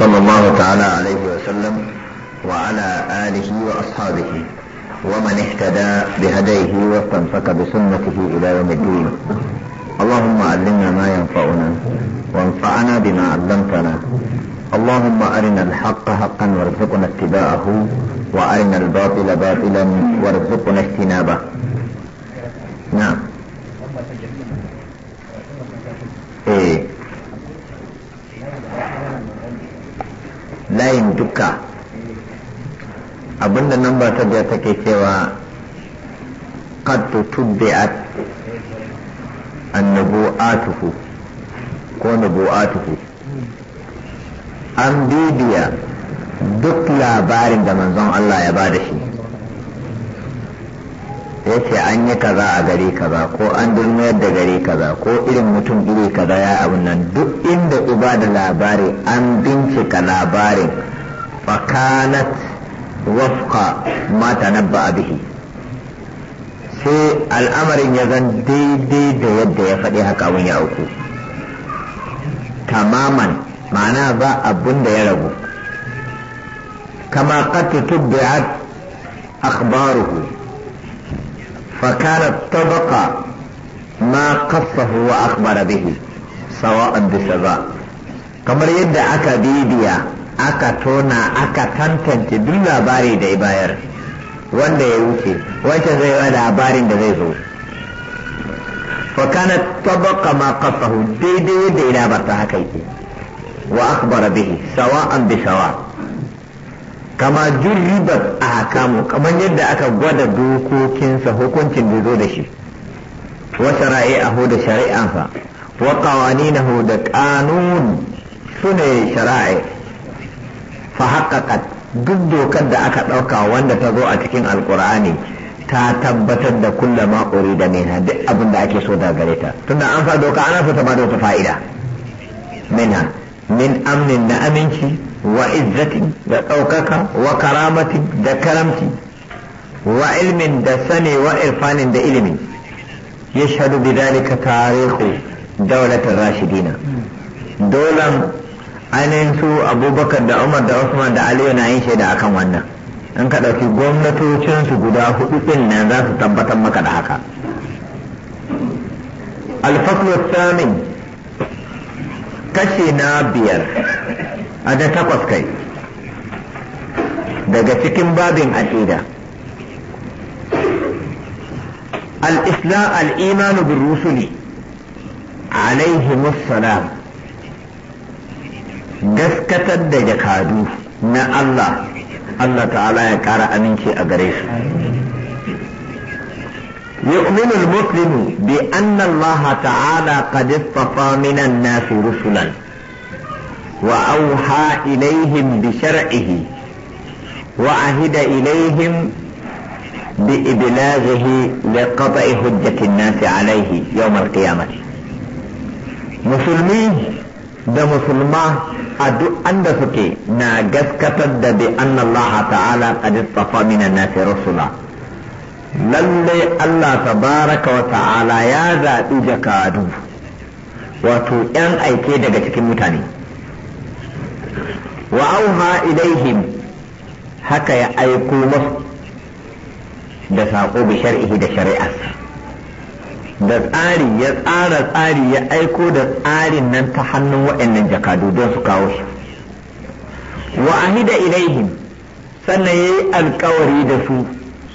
صلى الله تعالى عليه وسلم وعلى آله وأصحابه ومن اهتدى بهديه واستنفك بسنته إلى يوم الدين اللهم علمنا ما ينفعنا وانفعنا بما علمتنا اللهم أرنا الحق حقا وارزقنا اتباعه وأرنا الباطل باطلا وارزقنا اجتنابه نعم layin duka abinda nan ba ta da take cewa qad tubbi'at annabu'atuhu ko nabu'atuhu an bibiya duk labarin da manzon Allah ya ba da shi ya an yi kaza a gari kaza ko an dulmayar da gari kaza ko irin mutum iri kaza ya abun nan duk inda uba da labari an bincika labarin fakanat wafka ma tanabba bihi sai al'amarin ya zan daidai da yadda ya faɗi haka wani ya auku tamaman ma'ana ba abunda da ya ragu kama qad tubbi'at akhbaruhu فكانت تبقى ما قصه وأخبر به سواء بسواء kamar yadda aka bibiya aka tona aka tantance duk labari da ya bayar wanda ya wuce wancan zai yi labarin da zai zo fakanat tabaka ma qasahu daidai yadda ya labarta haka yake wa akhbara bihi sawa'an bi sawa' kama juribat a hakamu kamar yadda aka gwada dokokinsa hukuncin da zo da shi wa shari'ahu da shari'ansa wa qawaninahu da su sune shari'a fa haqqaqat duk dokar da aka ɗauka wanda ta zo a cikin alƙur'ani ta tabbatar da kullama da minha duk abin da ake so da gare ta tunda an fa doka ana so ta ba da wata fa'ida minha min amnin na aminci wa izzatin da ɗaukaka wa karamati da karamti wa ilmin da sani wa irfanin da ilimi ya shaɗu bidalika tarihu daulatar rashidina dolan ainihin su abubakar da umar da usman da aliyu na yin shaida akan wannan in ka ɗauki gwamnatocinsu guda hudu ɗin nan za su tabbatar maka da haka alfaslu samin kashi na biyar a da takwas kai daga cikin babin aƙida al-islam al-imanu bil rusuli alaihi salam gaskatar da jakadu na Allah Allah ta'ala ya kara aminci a gare su يؤمن المسلم بأن الله تعالى قد اصطفى من الناس رسلا وأوحى إليهم بشرعه وعهد إليهم بإبلاغه لقطع حجة الناس عليه يوم القيامة Musulmi da musulma a duk anda suke na gaskatar da bi anna Allah ta'ala qad istafa min nasi rasula lalle Allah tabaraka wa ta'ala ya zaɓi jakadu wato yan aike daga cikin mutane wa auha ilaihim haka ya aiko da saƙo bi shar'ihi da shari'arsa da tsari ya tsara tsari ya aiko da tsarin nan ta hannun waɗannan jakadu don su kawo shi wa ahida ilaihim sannan ya yi alkawari da su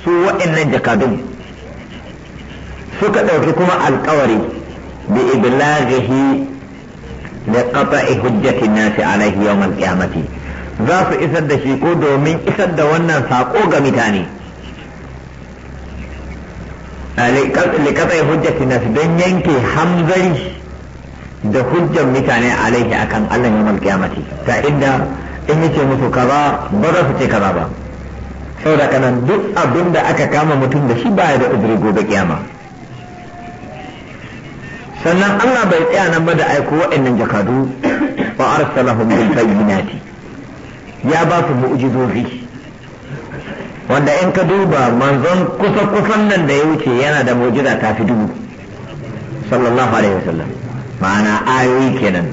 su waɗannan jakadun suka ɗauki kuma alkawari bi iblaghihi لقطع حجة الناس عليه يوم القيامة za su isar da shi ko domin isar da wannan الناس ga ينكي حمزي hamzari da hujjar mutane alaihi akan Allah yawmal qiyamati ta inda in yace musu kaza ba za su ce kaza ba saboda kanan duk abin da aka kama mutum da shi baya da uzuri gobe kiyama sannan Allah bai tsaya nan ba da aiko waɗannan jakadu fa arsalahum bil bayyinati ya ba su mu'jizozi wanda in ka duba manzon kusa kusan nan da ya wuce yana da mu'jiza ta fi dubu sallallahu alaihi wasallam ma'ana ayoyi kenan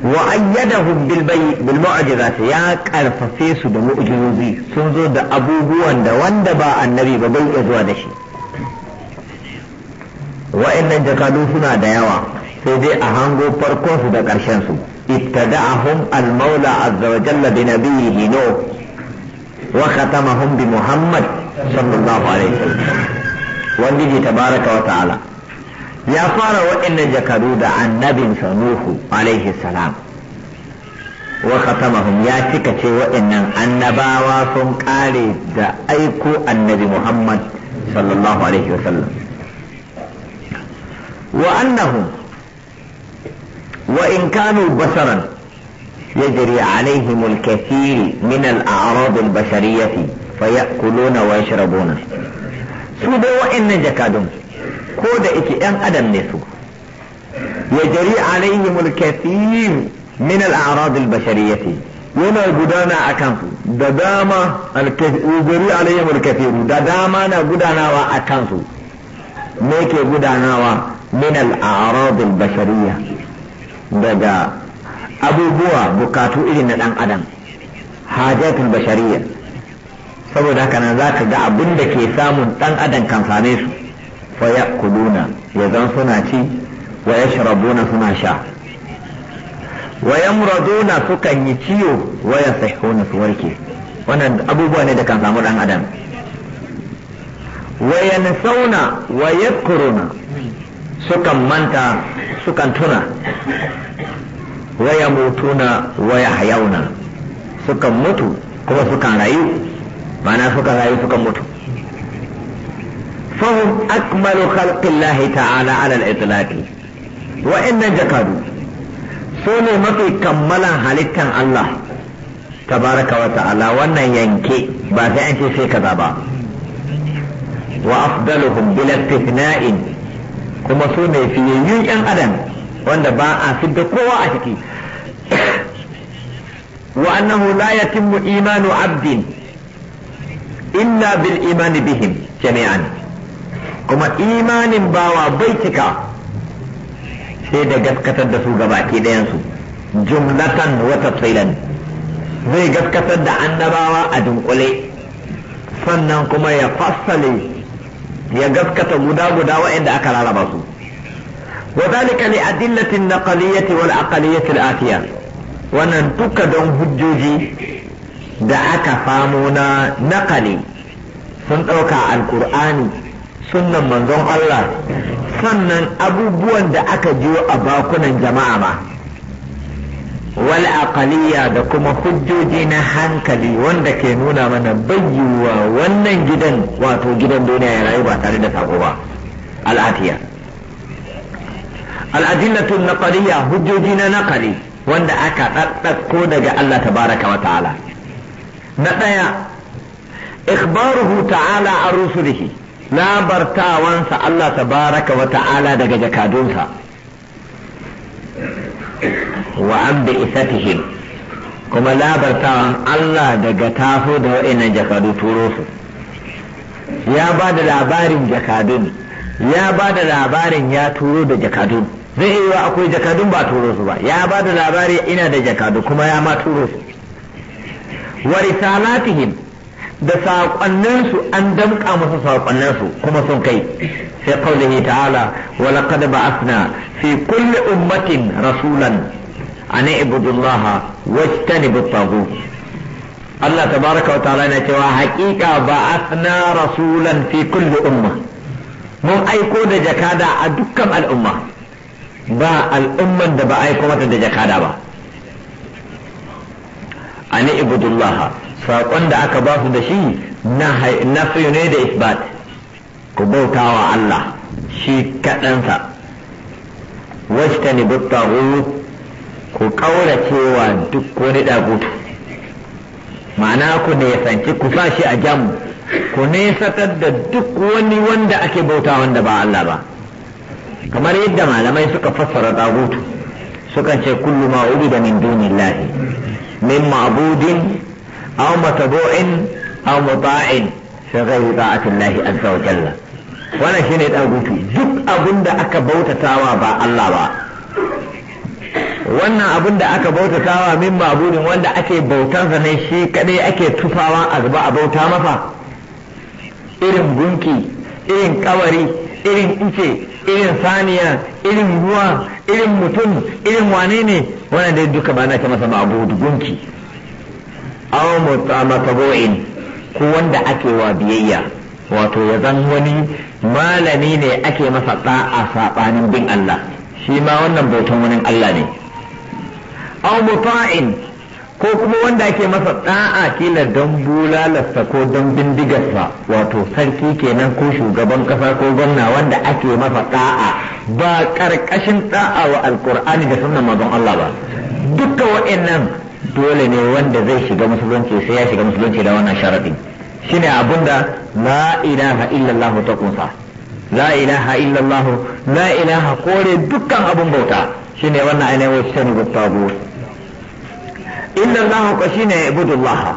wa ayyadahum bil bil mu'jizati ya karfafe su da mu'jizozi sun zo da abubuwan da wanda ba annabi ba bai zuwa da shi wa'annan jakadu suna da yawa sai dai a hango farkon su da ƙarshen su hun al-maula azza wa jalla bi nabiyhi no wa khatamahum bi muhammad sallallahu alaihi wasallam wanda tabaraka wa ta'ala ya fara wa'annan jakadu da annabin sa nuhu alaihi salam wa khatamahum ya cika ce wa'annan annabawa sun kare da aiko annabi muhammad sallallahu alaihi wasallam وأنهم وإن كانوا بشرا يجري عليهم الكثير من الأعراض البشرية فيأكلون ويشربون سود وإن نجكادهم كود إتيان أدم نسو يجري عليهم الكثير من الأعراض البشرية وما قدانا أكم دداما يجري عليهم الكثير دداما قدانا وأكم ميكي قدانا وأكم Minal a arad al-bashariyya daga abubuwa bukatu irin na ɗan adam hajatul bashariyya saboda haka nan zaka ga abin da ke samun ɗan adam kan same su fa ya'kuluna ya suna ci wa yashrabuna suna sha wa yamraduna sukan yi ciwo wa yasihuna su warke wannan abubuwa ne da kan samu ɗan adam wa yansauna wa yadhkuruna sukan manta sukan tuna waya mutuna waya hayauna sukan mutu kuma sukan rayu mana sukan rayu sukan mutu fahim akmalu khalqillahi ta'ala alal al-itlaqi wa'annan jakadu su ne mafi kammalan halittan Allah tabaraka wa ta'ala wannan yanke ba sai an ce sai kaza ba wa afdaluhum bila istifna'in kuma su ne fiyayyun 'yan adam wanda ba a fidda kowa a ciki wa annahu la yatimmu imanu abdin illa bil imani bihim jami'an kuma imanin bawa bai cika sai da gaskatar da su gabaki ɗayansu jumlatan wa tafsilan zai gaskatar da annabawa a dunkule sannan kuma ya fassale ya gaskata guda guda waɗanda aka raraba su وذلك لأدلة النقلية والعقلية الآتية wannan duka don hujjoji da aka famo na nakali sun ɗauka alkur'ani sunnan manzon Allah sannan abubuwan da aka jiyo a bakunan jama'a ba. wal aqaliya da kuma hujjoji na hankali wanda ke nuna mana bayyuwa wannan gidan wato gidan duniya ya rayu ba tare da sako ba al'atiya al'adillatu naqaliya hujjoji na naqali wanda aka daddako daga Allah tabaraka wa ta'ala na daya ikhbaruhu ta'ala an rusulihi labartawansa Allah tabaraka wa ta'ala daga jakadunsa wa an isa isatihim kuma labartawan Allah daga taso da wa'annan jakadu turo su ya ba da labarin jakadun ya ba da labarin ya turo da jakadun zai iya akwai jakadun ba turo su ba ya ba da labari ina da jakadu kuma ya ma turo su wa risalatihim da saƙonninsu an damƙa musu saƙonninsu kuma sun kai كقوله تعالى ولقد بعثنا في كل أمة رسولا أن اعبدوا الله واجتنبوا الطاغوت الله تبارك وتعالى نتوى حقيقة بعثنا رسولا في كل أمة من أيكو دجكادا أدكم الأمة با الأمة دبا أيكو دجكادا با أن اعبدوا الله فقند أكباس دشي نفي نيد إثبات ku bauta wa Allah shi kaɗansa wasta ni ku ƙaura cewa duk wani ɗagutu ma'ana ku nesanci ku sa shi a jamu ku nesatar da duk wani wanda ake bauta wanda ba Allah ba kamar yadda malamai suka fassara ɗagutu suka ce kullu ma da min dunillahi min ma'budin aw matabu'in aw muta'in fi ghairi azza wa jalla wannan shine gutu duk abin da aka bautatawa ba Allah ba wannan abin da aka bautatawa min mabudin wanda ake sa ne shi kadai ake tufawa a gaba a bauta masa irin gunki irin kawari irin ice irin saniya irin ruwa irin mutum irin wane ne wannan dai duka ba na ce masa mabudu gunki aw mutamatabu'in ko wanda ake wa biyayya wato ya zan wani malami ne ake masa ɗa'a saɓanin bin Allah shi ma wannan bautan wani Allah ne aw muta'in ko kuma wanda ake masa a kila don bulalarsa ko don bindigarsa wato sarki kenan ko shugaban ƙasa ko gwamna wanda ake masa ɗa'a ba ƙarƙashin ɗa'a wa alƙur'ani da sunan mazan Allah ba duka wa'annan dole ne wanda zai shiga musulunci sai ya shiga musulunci da wannan sharaɗin shine abunda la ilaha illallah ta kunsa la ilaha illallah la ilaha kore dukkan abun bauta shine wannan ainihin wasu shani guttago illallah ko shine ibudullah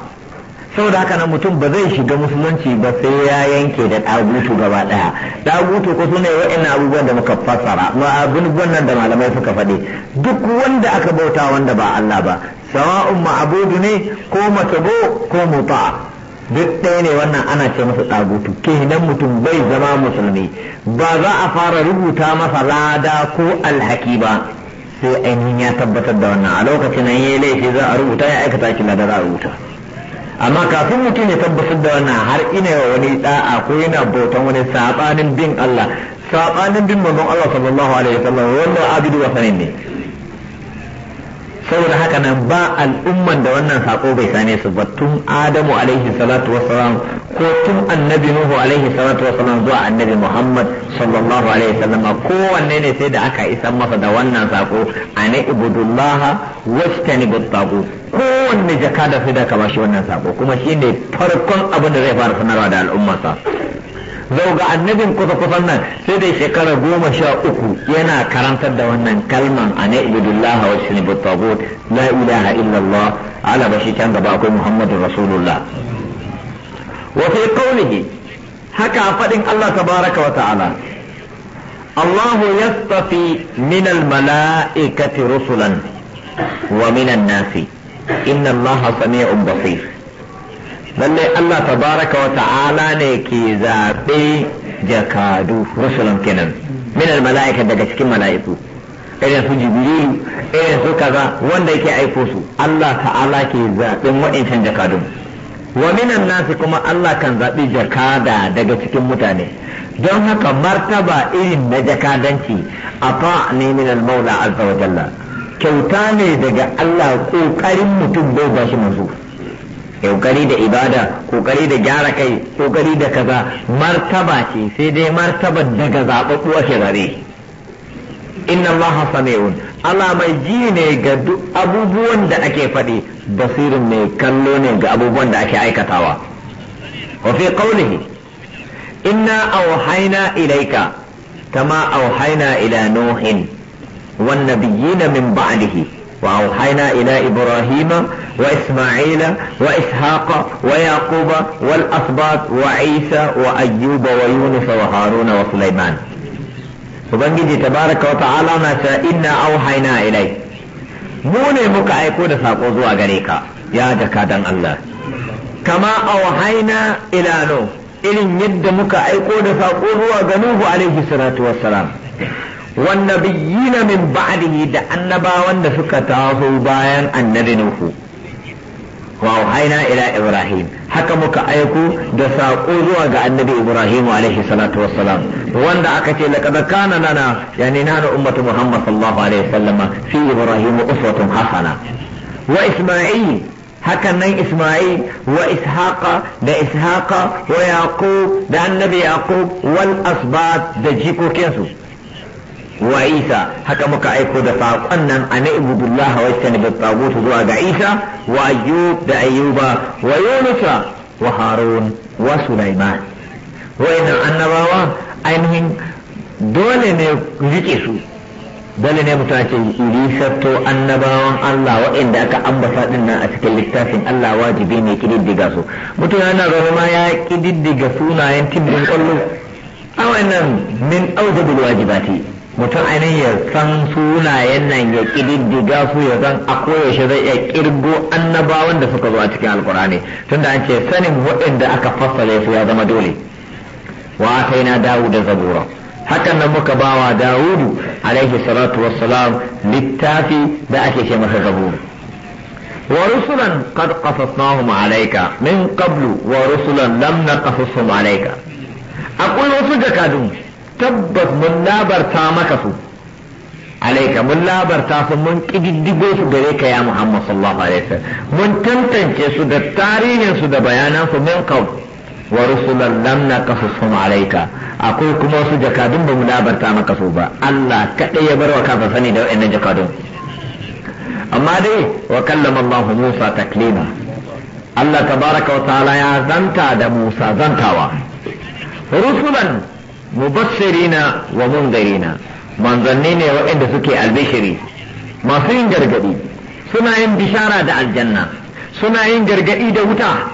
saboda haka nan mutum ba zai shiga musulunci ba sai ya yanke da dagutu gaba daya dagutu ko sune wa'in abubuwan da muka fassara ma abubuwan nan da malamai suka faɗi duk wanda aka bauta wanda ba Allah ba sawa'un ma'abudu ne ko matabo ko muta duk ɗaya ne wannan ana ce masa tsagutu kenan mutum bai zama musulmi ba za a fara rubuta masa lada ko alhaki ba sai ainihin ya tabbatar da wannan a lokacin nan yayi laifi za a rubuta ya aikata shi lada za a rubuta amma kafin mutum ya tabbatar da wannan har ina yawa wani da'a ko yana bautan wani sabanin bin Allah sabanin bin manzon Allah sallallahu alaihi wasallam wannan abidu wa ne saboda haka nan ba al'umman da wannan sako bai sane su ba tun adamu alaihi salatu salam ko tun annabi nuhu alaihi salatu salam zuwa annabi muhammad sallallahu alaihi ko wanne ne sai da aka isa masa da wannan sako ne ibudullaha wajtani ko wanne jaka da sai da ka bashi wannan sako kuma shi ne farkon abin da zai fara sanarwa da al'ummarsa zau ga annabin kusa kusan nan sai dai shekara goma sha uku yana karantar da wannan kalman a ne ibudullah wa shinibu tabut la ilaha illallah ala bashi can gaba akwai muhammadu rasulullah wa fi qawlihi haka fadin Allah tabaraka wa ta'ala الله يصطفي من الملائكة رسلا ومن الناس إن الله سميع بصير lallai Allah tabaraka wa ta'ala ne ke zaɓe jakadu rusulun kenan minar mala'ika daga cikin mala'iku irin su jibrilu irin su kaza wanda yake aiko su Allah ta'ala ke zaɓen waɗancan jakadu. wa minan nasi kuma Allah kan zaɓi jakada daga cikin mutane don haka martaba irin na jakadanci a fa ne maula azza jalla kyauta ne daga Allah ƙoƙarin mutum bai ba shi mazu. kokari da ibada kokari da gyara kai kokari da kaza martaba ce sai dai martaba daga zaɓaɓɓu a shirare inna Allah sami'un Allah mai ji ne ga duk abubuwan da ake faɗi basirin mai kallo ne ga abubuwan da ake aikatawa wa fi qawlihi inna auhaina ilaika kama auhaina ila nuhin wan nabiyina min ba'dihi wa auhaina ila ibrahima وإسماعيل وإسحاق ويعقوب والأسباط وعيسى وأيوب ويونس وهارون وسليمان Ubangiji tabaraka wa ta'ala na ta inna auhayna ilai mu ne muka aiko da sako zuwa gare ka ya jakadan Allah kama auhayna ila no irin yadda muka aiko da sako zuwa ga Nuhu alaihi salatu wassalam wan nabiyina min ba'dihi da annabawan da suka taho bayan annabi Nuhu وأوحينا إلى إبراهيم حكمك أيكو دساقو زوا النبي إبراهيم عليه الصلاة والسلام وأن أكتي لقد كان لنا يعني نحن أمة محمد صلى الله عليه وسلم في إبراهيم أسوة حسنة وإسماعيل hakan nan Ismail wa Ishaqa da Ishaqa wa Yaqub da annabi Yaqub wal asbat da jikokinsu wa isa haka muka aiko da saƙon nan a na ibudullah wa isa ne zuwa ga isa wa ayyub da ayyuba wa yunusa wa harun wa sulaiman wa'annan annabawa ainihin dole ne rike su dole ne mutane ce risatto annabawan Allah waɗanda aka ambata din nan a cikin littafin Allah wajibi ne kididdiga su mutum yana zama ma ya kididdiga sunayen tibbin kwallo a wannan min aujabul wajibati mutum ainihin ya san sunayen nan ya kididdiga su ya san a koyaushe zai iya kirgo annabawan da suka zo a cikin alkur'ani tunda an ce sanin waɗanda aka fassara su ya zama dole wa aka na dawo da zabura hakan nan muka bawa dawudu alaihi salatu wassalam littafi da ake ce masa zabura wa rusulan qad qasasnahum alayka min qablu wa rusulan lam naqasushum alayka akwai wasu jakadun tabbas mun labarta maka su alaika mun labarta su mun kididdigo su gare ka ya Muhammad sallallahu alaihi wasallam mun tantance su da tarihin su da bayanan su min qaul wa rusulan lam naqasusum alaika akwai kuma wasu jakadun ba mu labarta maka su ba Allah kadai ya wa kafa sani da wayannan jakadun amma dai wa kallama Musa taklima Allah tabaraka wa ta'ala ya zanta da Musa zantawa rusulan mubassirina wa na manzanni ne waɗanda suke albishiri masu yin gargaɗi suna yin bishara da aljanna suna yin gargaɗi da wuta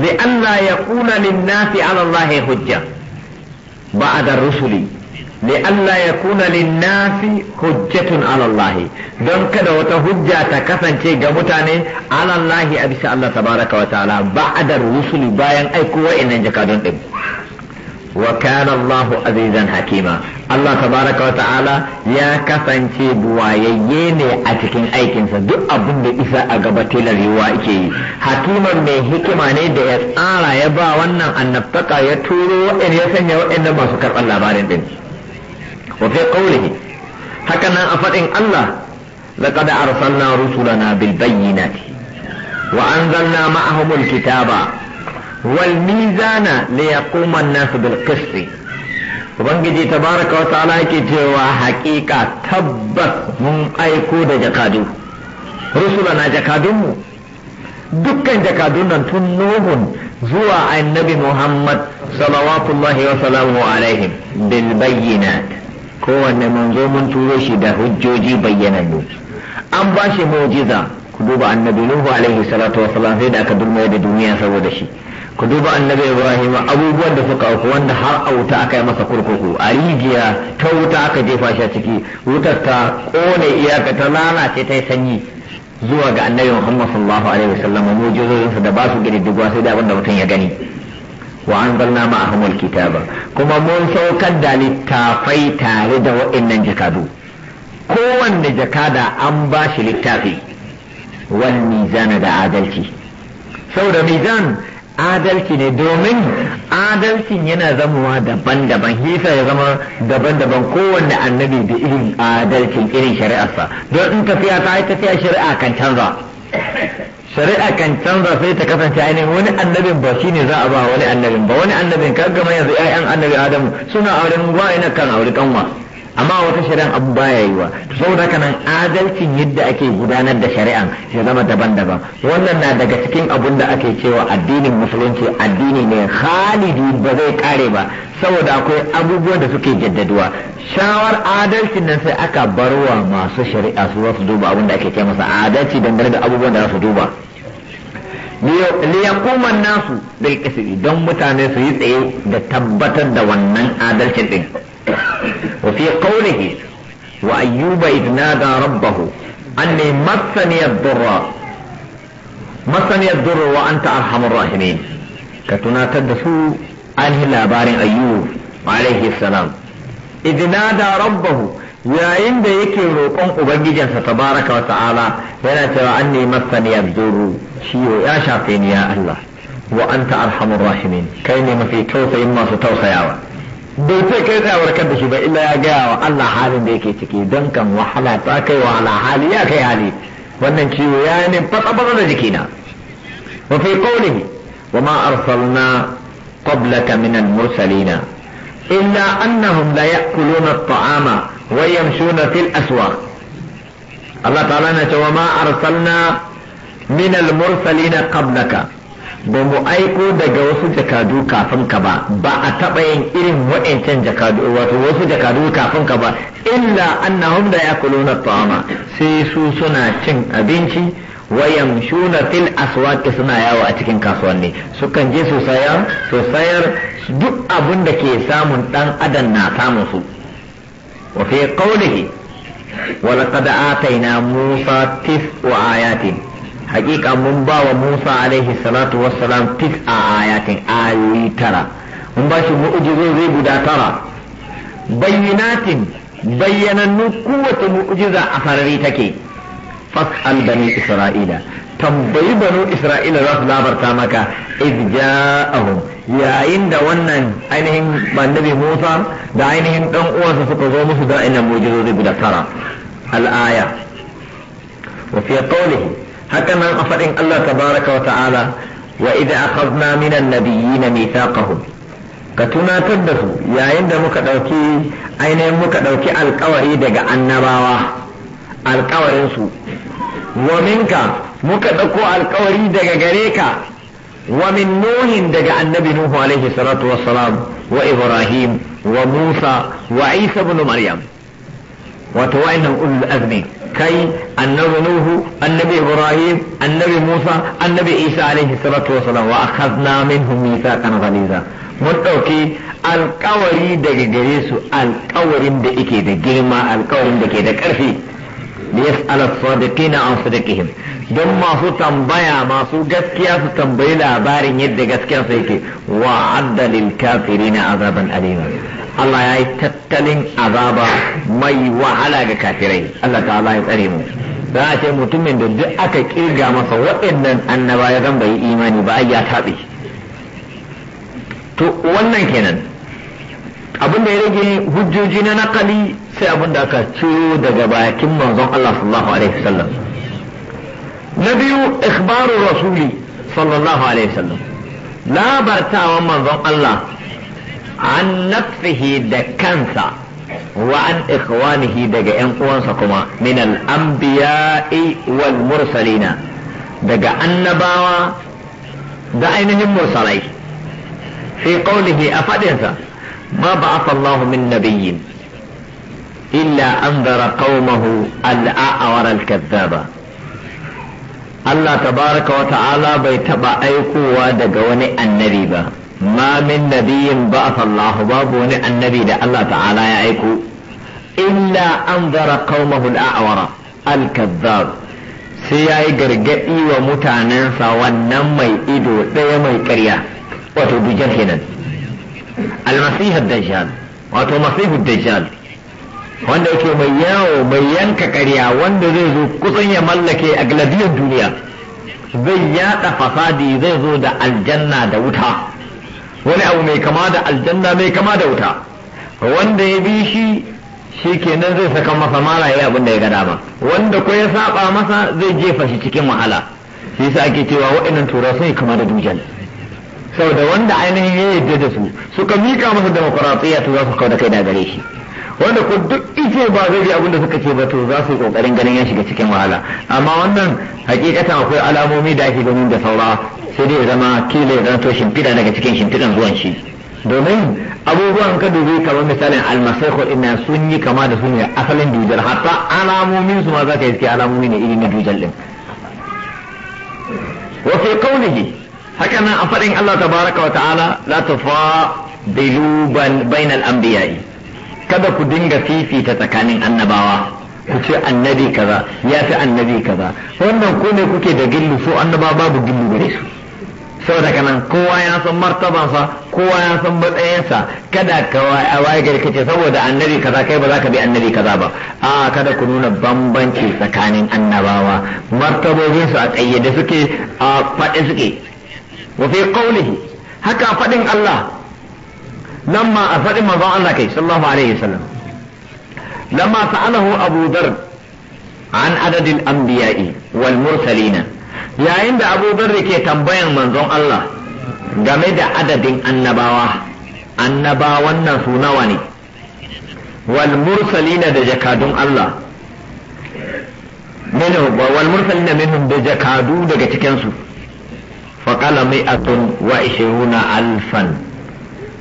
li Allah ya kuna linnasi ala Allah hujja ba'da rusuli li Allah ya kuna linnasi hujjatun ala Allah don kada wata hujja ta kasance ga mutane ala Allah a bisa Allah tabaraka wa ta'ala ba'da rusuli bayan aiko wa'annan jakadun din وكان الله hakima allah الله تبارك وتعالى يا كسانتي بوايي ne a cikin aikinsa duk abin da isa a gaba tilar yiwa yake yi hakiman mai hikima ne da ya tsara ya ba wannan annabtaka ya turo wa'in ya sanya wa'in masu karɓar labarin din wa fi qawlihi haka nan a faɗin Allah laqad arsalna rusulana bil bayyinati wa anzalna ma'ahumul kitaba والميزان ليقوم الناس بالقسط ubangiji tabaraka wa ta'ala yake cewa hakika tabbas mun aiko da jakadu rusula na jakadunmu dukkan jakadun nan tun nuhun zuwa annabi muhammad salawatullahi wa salamu alaihim bil bayyinat kowanne manzo mun turo shi da hujjoji bayyanannu an ba shi mu'jiza ku duba annabi nuhu alaihi salatu wa salam sai da aka dulmaye da duniya saboda shi ku duba annabi ibrahim abubuwan da suka auku wanda har a wuta aka yi masa kurkuku a rijiya ta wuta aka jefa shi a ciki wutar ta kone iyaka ta lalace ta yi sanyi zuwa ga annabi muhammad sallallahu alaihi wasallam mujizozinsa da ba su duk sai da abin da mutum ya gani wa anzalna ma'ahumul kitaba kuma mun saukar da littafai tare da waɗannan jakadu kowanne jakada an ba shi littafi wal mizan da adalci saboda mizan adalci ne domin adalcin yana zamowa daban-daban hisa ya zama daban-daban kowanne annabi da irin adalcin irin shari'arsa don in tafiya ta yi tafiya shari'a kan canza shari'a kan canza sai ta kasance ainihin wani annabin ba shi ne za a ba wani annabin ba wani annabin kaga yanzu 'ya'yan annabi adamu suna auren wa'ina kan auri kanwa amma wata shari'an abu baya yi wa to saboda haka nan adalcin yadda ake gudanar da shari'an ya zama daban-daban wannan na daga cikin abun da ake cewa addinin musulunci addini ne khalidi ba zai kare ba saboda akwai abubuwan da suke jaddaduwa shawar adalcin nan sai aka barwa masu shari'a su za su duba abun da ake ce masa adalci dangane da abubuwan da za su duba liyakuman nasu bil don mutane su yi tsaye da tabbatar da wannan adalcin din وفي قوله وأيوب إذ نادى ربه أني مسني الضر مسني الضر وأنت أرحم الراحمين كتنا تدسو أنه لا بارن أيوب عليه السلام إذ نادى ربه يعين ذيك الرقم أبجد تبارك وتعالى هنا ترى أني مسني الضر شيء يا شافين يا الله وأنت أرحم الراحمين كيني ما في توصي إما ستوصي يا الله bai ce kai zai warkar da shi ba illa ya gaya wa Allah halin da yake ciki don kan wahala ta kai wa wahala hali ya kai hali wannan ciwo ya ne fatsa da jikina wa fi qawlihi wa ma arsalna qablaka min al-mursalina illa annahum la ya'kuluna at-ta'ama wa yamshuna fil aswaq Allah ta'ala na ce wa ma arsalna min al-mursalina qablaka ba mu aiko daga wasu jakadu kafin ka ba ba a taba yin irin wa'ancan jakadu wato wasu jakadu kafin ka ba illa annahum da yakuluna ta'ama sai su suna cin abinci wayan shuna fil aswaqi suna yawo a cikin kasuwanni sukan je su saya su sayar duk abin da ke samun dan adam na samun su wa fi qawlihi wa laqad atayna musa wa ayatin hakika mun ba wa Musa alaihi salatu wassalam tis a ayatin ayoyi tara mun ba shi mu'ujizai guda tara bayyanatin bayyanannu kowace mu'ujiza a farari take fas'al bani isra'ila tambayi banu isra'ila za su labarta maka idh ja'ahum yayin da wannan ainihin annabi Musa da ainihin dan uwansa suka zo musu da ainihin mu'ujizozi guda tara Al'aya. wa fi qawlihi haka nan a faɗin Allah tabaraka wa ta'ala wa idza aqadna minan nabiyyin mithaqahum ka tunatar da su yayin da muka ɗauki ainihin muka ɗauki alkawari daga annabawa alkawarin su wa minka muka ɗauko alkawari daga gare ka wa min daga annabi nuhu wa ibrahim wa musa wa isa ibn maryam wato wa'annan ulul azmi kai annabi nuhu annabi ibrahim annabi musa annabi isa alaihi salatu wasalam wa akhadna minhum mithaqan ghaliza mun ɗauki alkawari daga gare su alkawarin da yake da girma alkawarin da ke da karfi liyas'al as-sadiqina an sadiqihim don masu tambaya masu gaskiya su tambayi labarin yadda gaskiya sai ke wa addalin kafiri na azaban alima Allah ya yi tattalin azaba mai wahala ga kafirai Allah ta'ala ya tsare mu za a ce mutumin da duk aka kirga masa waɗannan annaba ya zan bai imani ba ya taɓe to wannan kenan abin da ya rage hujjoji na nakali sai abin da aka ciyo daga bakin manzon Allah sallallahu alaihi wasallam نبي اخبار الرسول صلى الله عليه وسلم لا برتا ومن ظن الله عن نفسه دكنسا وعن اخوانه دك انقوانسا كما من الانبياء والمرسلين دك النباوة دعينهم مرسلين في قوله افادنسا ما بعث الله من نبي إلا أنذر قومه الأعور الكذابة Allah tabaraka wa ta'ala bai taba aikowa daga wani annabi ba ma min nabiyin ba'atha Allah babu wani annabi da Allah ta'ala ya aiko illa anzara qaumahu al-a'wara al-kadhdhab sai yayi gargadi wa mutanensa wannan mai ido ɗaya mai ƙarya wato dujar kenan al-masih ad-dajjal wato masih ad-dajjal wanda yake mai yawo mai yanka karya wanda zai zo kusan ya mallake a gladiyar duniya zai yada fasadi zai zo da aljanna da wuta wani abu mai kama da aljanna mai kama da wuta wanda ya bi shi shi kenan zai saka masa mara ya abin da ya gada dama wanda ko ya saba masa zai jefa shi cikin wahala shi yasa ake cewa waɗannan tura sun kama da dujal saboda wanda ainihin ya yarda da su suka mika masa demokuraɗiyya to za su kawo da kai da gare shi wanda ko duk ice ba zai ji abin da suka ce ba to za su yi kokarin ganin ya shiga cikin wahala amma wannan hakikatan akwai alamomi da ake ganin da saura sai dai zama kila ya zanto shimfiɗa daga cikin shimfiɗan zuwan shi domin abubuwan ka dubi kamar misalin almasaiho ina sun yi kama da su ne asalin dujar hatta alamomin su ma za ka yi suke alamomi ne irin na dujar din wa fi qawlihi haka nan a faɗin Allah tabaraka wa ta'ala la tufa bilu bainal anbiya'i kada ku dinga fifita tsakanin annabawa ku ce annabi kaza ya fi annabi kaza wannan ko ne kuke da gillu so annaba babu gillu gare su saboda kanan kowa ya san martabansa kowa ya san matsayinsa kada ka waye gari kace saboda annabi kaza kai ba za ka bi annabi kaza ba a kada ku nuna bambanci tsakanin annabawa martabobin su a kayyade suke a faɗi suke wa fi haka faɗin Allah lamma a faɗin manzon Allah kai sallallahu alaihi wasallam lamma sa'alahu Abu Dar an adadin anbiya'i wal yayin da Abu da ke tambayan manzon Allah game da adadin annabawa annabawan nan su nawa ne wal da jakadun Allah minhum wal mursalina jakadu daga cikin su faqala mi'atun wa ishiruna alfan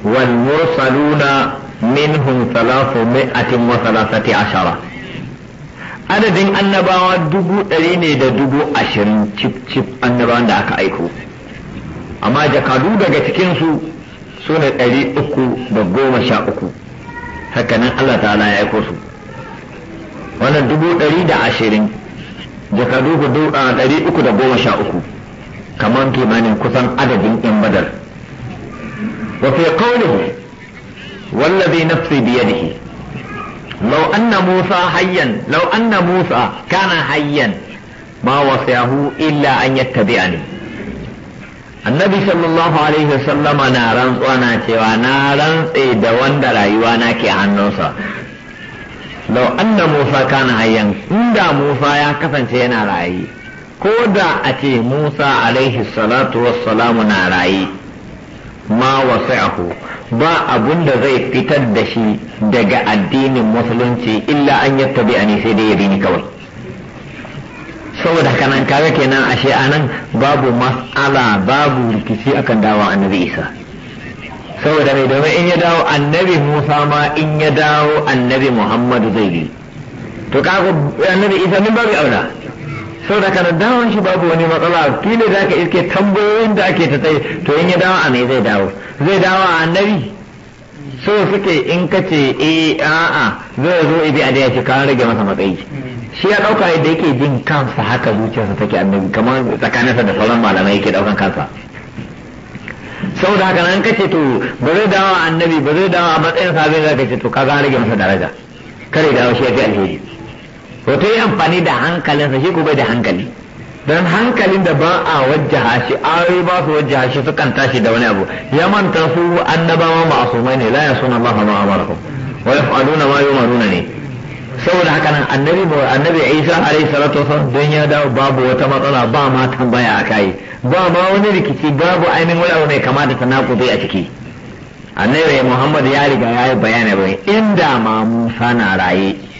wal mursaluna minhum salasu mi'atin wa salasati ashara adadin annabawa dubu ɗari ne da dubu ashirin cif cif da aka aiko amma jakadu daga cikinsu su ne ɗari uku da goma sha uku hakanan Allah ta'ala ya aiko su dubu ɗari da ashirin jakadu ɗari uku da goma sha uku kamar tunanin kusan adadin yan badar وفي قوله والذي نفسي بيده لو أن موسى حيا لو أن موسى كان حيا ما وصيه إلا أن يتبعني annabi sallallahu alaihi wasallama na rantsuwa na cewa na rantse da wanda rayuwa na ke hannunsa lau anna musa kana hayyan inda musa ya kasance yana raye ko da a ce musa alaihi salatu na raye ma wasi'ahu ba abun da zai fitar da shi daga addinin musulunci illa an yattabi ani sai dai ya ni kawai saboda kanan kaga kenan ashe anan babu mas'ala babu rikici akan dawa annabi isa saboda mai domin in ya dawo annabi musa ma in ya dawo annabi muhammadu zai bi to kaga annabi isa min babu aula saboda kana dawon shi babu wani matsala kila da ka iske tambayoyin da ake ta tsaye to in ya dawo a me zai dawo zai dawo a annabi so suke in ka ce eh a'a zai zo ibi a da ya ka rage masa matsayi shi ya dauka yadda yake jin kansa haka zuciyarsa take annabi kamar tsakaninsa da sauran malamai yake daukan kansa saboda haka nan ce to ba zai dawo annabi ba zai dawo a matsayin zai zaka ce to ka ga rage masa daraja kare dawo shi ya fi alheri wato ta yi amfani da hankalin shi ko bai da hankali don hankalin da ba a wajja shi ayoyi ba su wajja shi kan tashi da wani abu ya manta su annabawa ma'asumai ne la ya suna Allah ma amarakum wa ya fa'aluna ma yumaruna ne saboda haka nan annabi annabi Isa alaihi salatu wasallam don ya dawo babu wata matsala ba ma tambaya a kai ba ma wani rikici babu ainihin wani abu mai kama da tanakuzi a ciki annabi Muhammad ya riga ya yi bayani bai inda ma Musa na raye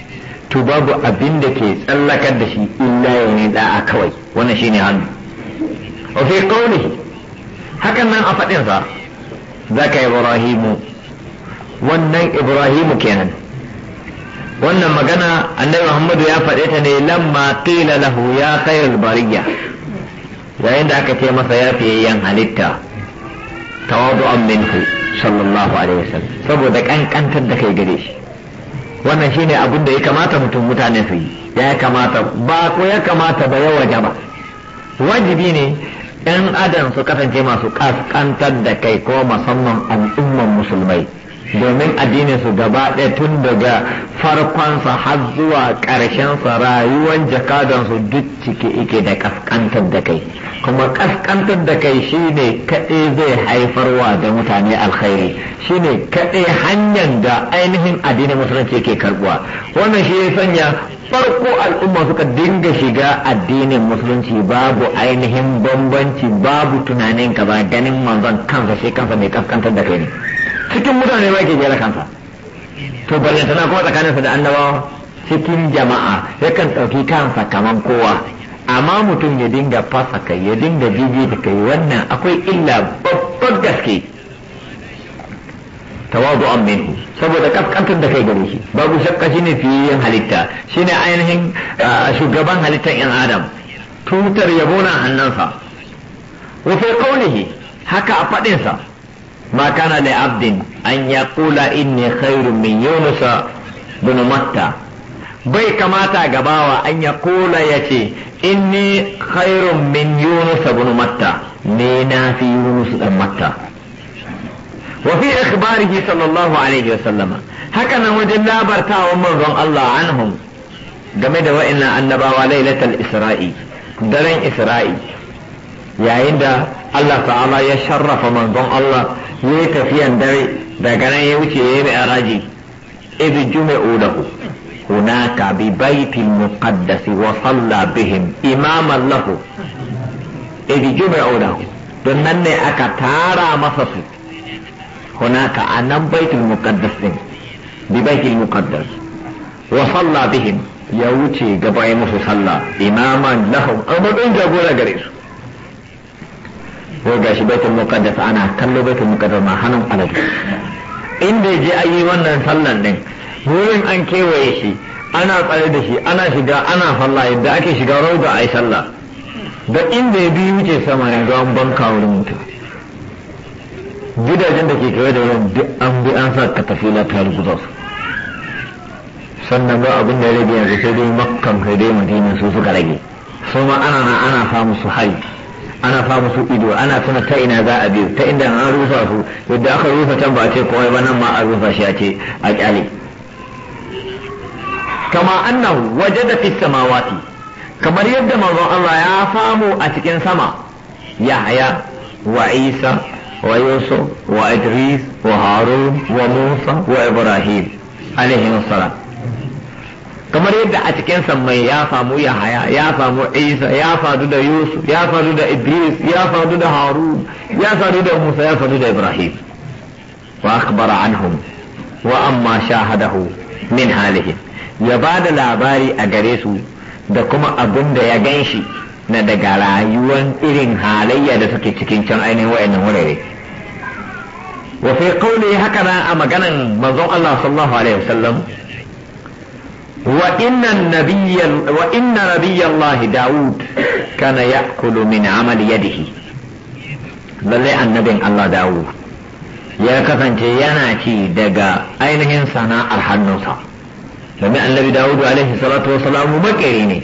to babu abin da ke tsallakar da shi illa ya ne da'a kawai wannan shine hannu wa fi qawlihi hakan nan a faɗin sa zaka ibrahimu wannan ibrahimu kenan wannan magana annabi muhammadu ya faɗe ta ne lamma qila lahu ya khairul bariya yayin da aka ce masa ya yan halitta tawadu'an minhu sallallahu alaihi wasallam saboda kankantar da kai gare shi wannan shine abin da ya kamata mutum mutane su yi ya kamata ba ko ya kamata ba ya waje ba wajibi ne yan adam su kasance masu ƙasƙantar da kai ko musamman al'umman musulmai domin addininsu gaba ɗaya tun daga farkonsa har zuwa ƙarshensa rayuwar jakadansu duk cike ike da kaskantar da kai kuma kaskantar da kai shine kaɗai zai haifarwa da mutane alkhairi shine kaɗai hanyar da ainihin addinin musulunci ke karbuwa wannan shi ya sanya farko al'umma suka dinga shiga addinin musulunci babu ainihin bambanci babu tunanin ka ba ganin manzon kansa shi kansa mai kaskantar da kai ne cikin mutane ma ke gyara kansa to ballantana kuma tsakaninsa da annabawa cikin jama'a yakan ɗauki kansa kaman kowa amma mutum ya dinga fasa kai ya dinga bibi da kai wannan akwai illa babbar gaske an minhu saboda kaskantar da kai gare shi babu shakka shine fiye halitta shine ainihin shugaban halittar yan adam tutar yabo na hannunsa wa fi qawlihi haka a faɗinsa ما كان لعبد أن يقول إني خير من يونس بن متى bai kamata gabawa an ya kula ya ce inni khairun min yunus ibn matta ne na fi yunus dan matta wa fi sallallahu alaihi wa sallama haka nan wajen labartawan manzon Allah anhum game da wa'annan annabawa lailatul isra'i daren isra'i yayin da Allah ta'ala ya sharrafa manzon Allah ya yi tafiyan dare daga nan ya wuce ya yi mai araji ibi juma'u lahu hunaka bi baitin muqaddasi wa salla bihim imaman lahu ibi juma'u udahu don nan ne aka tara masa su hunaka a nan baitin muqaddas din bi baitul muqaddas wa salla bihim ya wuce gaba ya musu sallah imaman lahu a matsayin jagora gare su yau shi baitul muqaddas ana kallo baitul muqaddas ma hannun alade inda je ayi wannan sallan din wurin an kewaye shi ana tsare da shi ana shiga ana falla yadda ake shiga rauda a yi sallah da inda ya biyu wuce sama ne an banka wurin mutum gidajen da ke kewaye da wurin duk an bi an sa ka ta na tare sannan ba abin da ya rage yanzu sai dai makkan sai dai madina su suka rage su ma ana na ana samu su hari ana fa su ido ana tuna ta ina za a biyu ta inda an rufa su yadda aka rufa can ba a ce kowai ba nan ma a rufa shi a ce a kyale kama annahu wajada fi samawati kamar yadda manzon Allah ya samu a cikin sama Yahya wa Isa wa Yusuf wa Idris wa Harun wa Musa wa Ibrahim alaihi salam kamar yadda a cikin mai ya samu yahaya ya samu isa ya fadu da yusuf ya fadu da idris ya fadu da harun ya fadu da musa ya fadu da ibrahim wa akbara anhum wa amma shahadahu min halihim ya ba da labari a gare su da kuma abin da ya gan shi na daga rayuwan irin halayya da suke cikin can ainihin wa'annan wurare wa fi haka na a maganan manzon Allah sallallahu alaihi wasallam wa inna nabiyyan wa inna daud kana ya'kulu min amali yadihi lalle annabin Allah daud ya kasance yana ci daga ainihin sana'ar hannunsa domin annabi dawudu alaihi salatu wa salamu makeri ne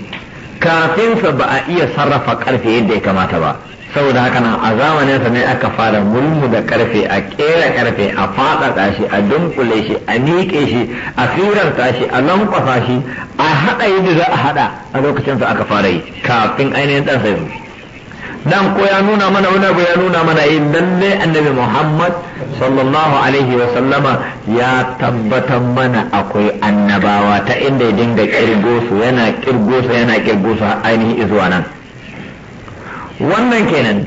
kafinsa ba a iya sarrafa ƙarfe yadda ya kamata ba saboda haka nan a zamanin sa ne aka fara mulmu da karfe a kera karfe a fadada shi a dunkule shi a miƙe shi a firanta shi a lankwasa shi a hada yadda za a hada a lokacin sa aka fara yi kafin ainihin dan sai dan ko ya nuna mana wani abu ya nuna mana yin eh, lalle annabi Muhammad sallallahu alaihi wa sallama ya tabbatar mana akwai annabawa ta inda ya dinga kirgo su yana kirgo su yana kirgo su ainihin izuwa nan wannan kenan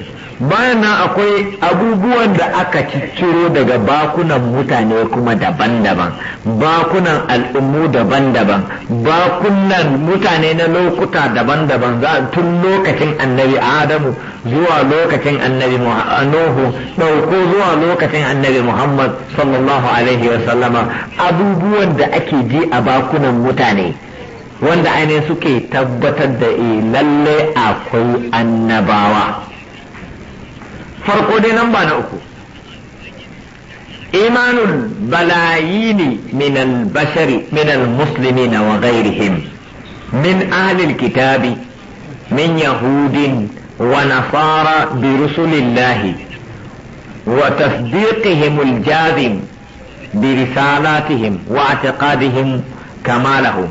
bayan nan akwai abubuwan da aka ciro daga bakunan mutane kuma daban-daban bakunan al'ummu daban-daban bakunan mutane na lokuta daban-daban za tun lokacin annabi adamu zuwa lokacin annabi nuhu ɗauko zuwa lokacin annabi muhammad sallallahu alaihi wasallama abubuwan da ake ji a bakunan mutane wanda ainihin suke tabbatar da e lalle akwai annabawa farko dai nan ba na uku imanul balayini minal bashari minal muslimina wa ghairihim min ahlil kitabi min yahudin wa nasara bi rusulillahi wa tasdiqihim aljazim برسالاتهم واعتقادهم كمالهم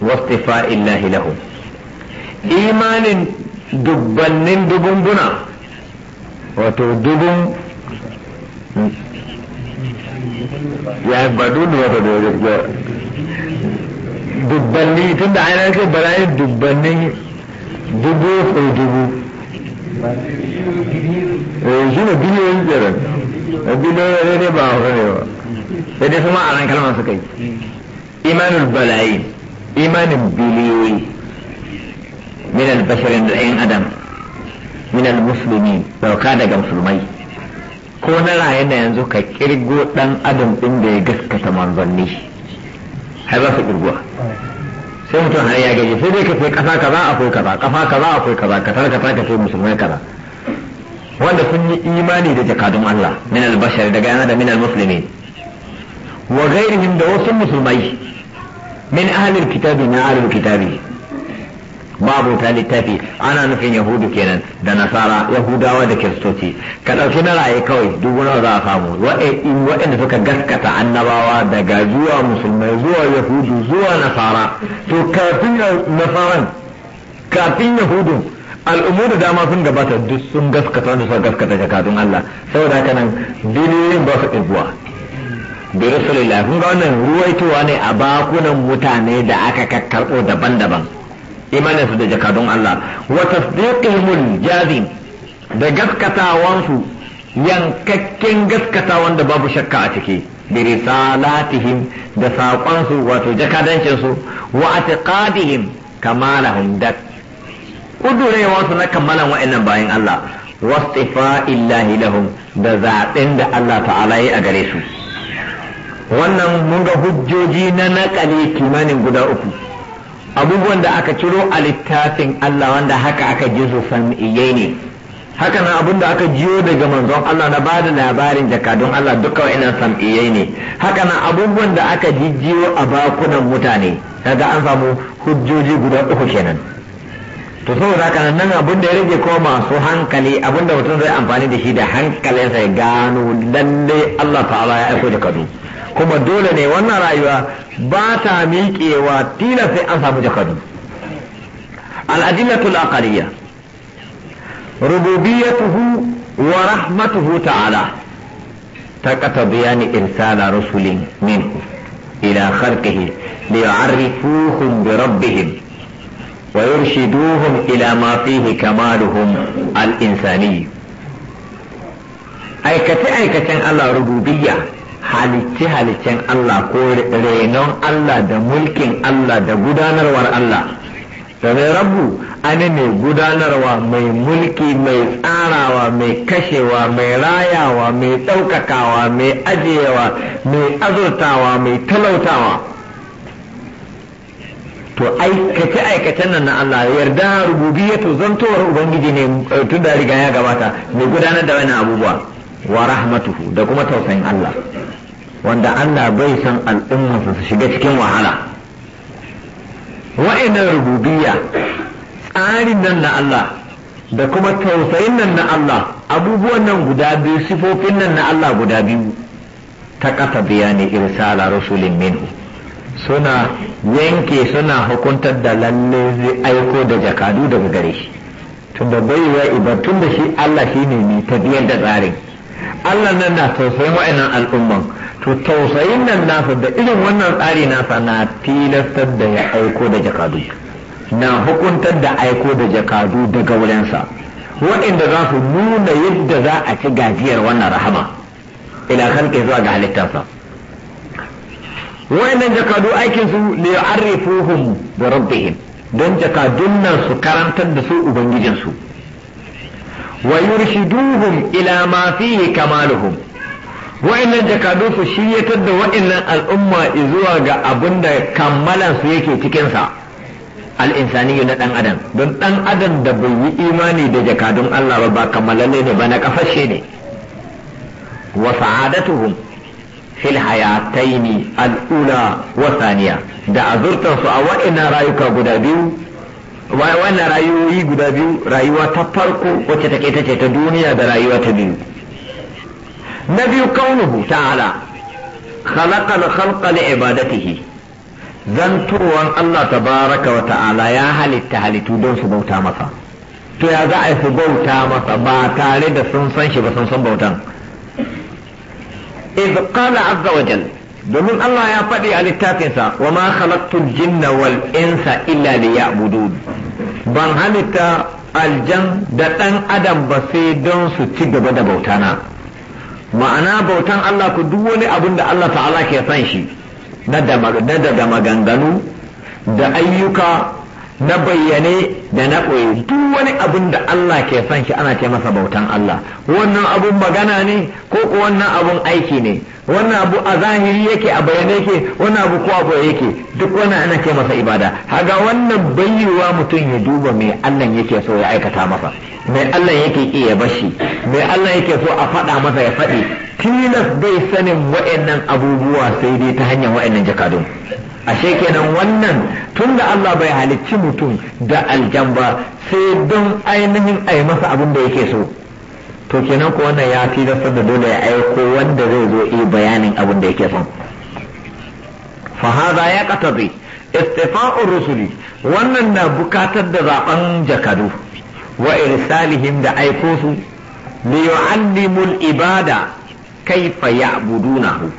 واصطفاء الله له ايمان دبن دبن بنا وتدبن يا بدون دبني تند عينا كي بلاي دبني دبو في دبو شنو بيو يجرن بيو يجرن باو خنيو يجرن سماع عن كلمة سكي إيمان البلايين imanin biliyoyi min albasharin da ɗayan adam min almusulmi dauka daga musulmai ko na raye na yanzu ka kirgo ɗan adam ɗin da ya gaskata manzanni har za su kirgowa sai mutum har ya gaji sai dai ka ce kafa kaza akwai kaza kafa kaza akwai kaza ka tarka ka ce musulmai kaza wanda sun yi imani da jakadun Allah min albashar daga yana da min almusulmi wa gairihim da wasu musulmai min ahlil kitabi na ahlil kitabi babu ta littafi ana nufin yahudu kenan da nasara yahudawa da kiristoci ka ɗauki na raye kawai duk wani za a samu waɗanda suka gaskata annabawa daga zuwa musulmai zuwa yahudu zuwa nasara to kafin nasaran kafin yahudun al'ummu da dama sun gabata duk sun gaskata wanda suka gaskata jakadun Allah saboda haka nan duniyoyin ba su ɗiguwa bi rasulillah kun ga wannan ruwaitowa ne a bakunan mutane da aka kakkarɓo daban-daban imaninsu da jakadun Allah wa tasdiqihimul jazim da gaskatawansu yankakken gaskatawan da babu shakka a ciki bi risalatihim da saƙonsu wato jakadancinsu wa atiqadihim kamalahum da kudurewansu na kammalan wa'annan bayan Allah wastifaillahi lahum da zaɓen da Allah ta'ala yi a gare su wannan mun ga hujjoji na naƙale kimanin guda uku abubuwan da aka ciro a littafin Allah wanda haka aka ji su sam'iyai ne haka nan abin da aka jiyo daga manzon Allah na ba da labarin jakadun Allah duka wa'ina sam'iyai ne haka nan abubuwan da aka jijjiyo a bakunan mutane daga an samu hujjoji guda uku kenan to saboda haka nan abin da ya rage ko masu hankali abin da mutum zai amfani da shi da hankalinsa ya gano lalle Allah ta'ala ya aiko jakadu kuma dole ne wannan rayuwa ba ta miƙewa tila sai an samu jakadu al'adillatul aqaliyya rububiyatuhu wa rahmatuhu ta'ala ta bayani irsala rusulin minhu ila khalqihi liya'rifuhum bi rabbihim ويرشدوهم إلى ما فيه كمالهم الإنساني aikace-aikacen allah ربوبية Halice halicen Allah ko renon Allah da mulkin Allah da gudanarwar Allah domin rabu ana mai gudanarwa mai mulki mai tsarawa mai kashewa mai rayawa mai ɗaukakawa mai ajiyewa mai azurtawa mai talautawa to aikace aikacen nan na Allah yarda rububiyatu zantowar ubangiji ne eh, tun da riga ya gabata mai gudanar da wani abubuwa wa rahmatuhu da kuma tausayin Allah wanda Allah bai san al'ummarsa su shiga cikin wahala wa'inan rububiyya tsarin nan na Allah da kuma tausayin nan na Allah abubuwan nan guda biyu sifofin nan na Allah guda biyu ta kasa bayani irsala rasulin minhu suna yanke suna hukuntar da lalle zai aiko da jakadu daga gare shi tunda bai wa tun da shi Allah shine mai tabiyar da tsarin Allah nan na tausayin wa'annan al'umman to tausayin nan nasa da irin wannan tsari nasa na tilastar da ya aiko da jakadu na hukuntar da aiko da jakadu daga wurinsa waɗanda za su nuna yadda za a ci gajiyar wannan rahama ila halƙe zuwa ga halittarsa wa'inan jakadu aikin su li yu'arrifuhum da rabbihin don jakadun nan su karantar da su ubangijinsu wa yurshiduhum ila ma fihi kamaluhum wa'annan jakadu su shiryatar da wa'annan al'umma zuwa ga abin da kammalan su yake cikinsa al'insaniyu na ɗan adam don ɗan adam da bai yi imani da jakadun Allah ba ba ba na kafashe ne wa sa'adatuhum fil hayataini al'ula wa saniya da azurtar su a wa'annan rayuka guda biyu wannan rayuwoyi guda biyu rayuwa ta farko wacce take ta ce ta duniya da rayuwa ta biyu na biyu kaunuhu ta'ala khalaqal khalqa li ibadatihi zantowan Allah tabaraka wa ta'ala ya halitta halittu don su bauta masa to ya za a su bauta masa ba tare da sun san shi ba sun san bautan iz qala azza wa jalla domin Allah ya faɗi a littafinsa wa ma khalaqtul jinna wal insa illa liya'budun ban halitta aljan da ɗan adam ba sai don su ci gaba da bautana ma'ana bautan Allah ku duk wani abin da Allah ta'ala ke san shi na da maganganu da ayyuka na bayyane da na ɓoye duk wani abin da Allah ke son shi ana ce masa bautan Allah wannan abun magana ne ko wannan abun aiki ne wannan abu a zahiri yake a bayyane yake wannan abu ko a yake duk wani ana ce masa ibada haga wannan bayyuwa mutum ya duba mai Allah yake so ya aikata masa mai Allah yake ki ya bashi mai Allah yake so a faɗa masa ya faɗi tilas bai sanin wa'annan abubuwa sai dai ta hanyar waɗannan jakadun ashe kenan wannan tun da Allah bai halicci mutum da aljan ba sai don ainihin ai masa abin da yake so to kenan ko wannan ya fi da da dole ya aiko wanda zai zo yi bayanin abin da yake son fa hadha ya qatadi istifa'ur rusuli wannan na bukatar da zaben jakadu wa irsalihim da aiko su li yu'allimul ibada kaifa ya'budunahu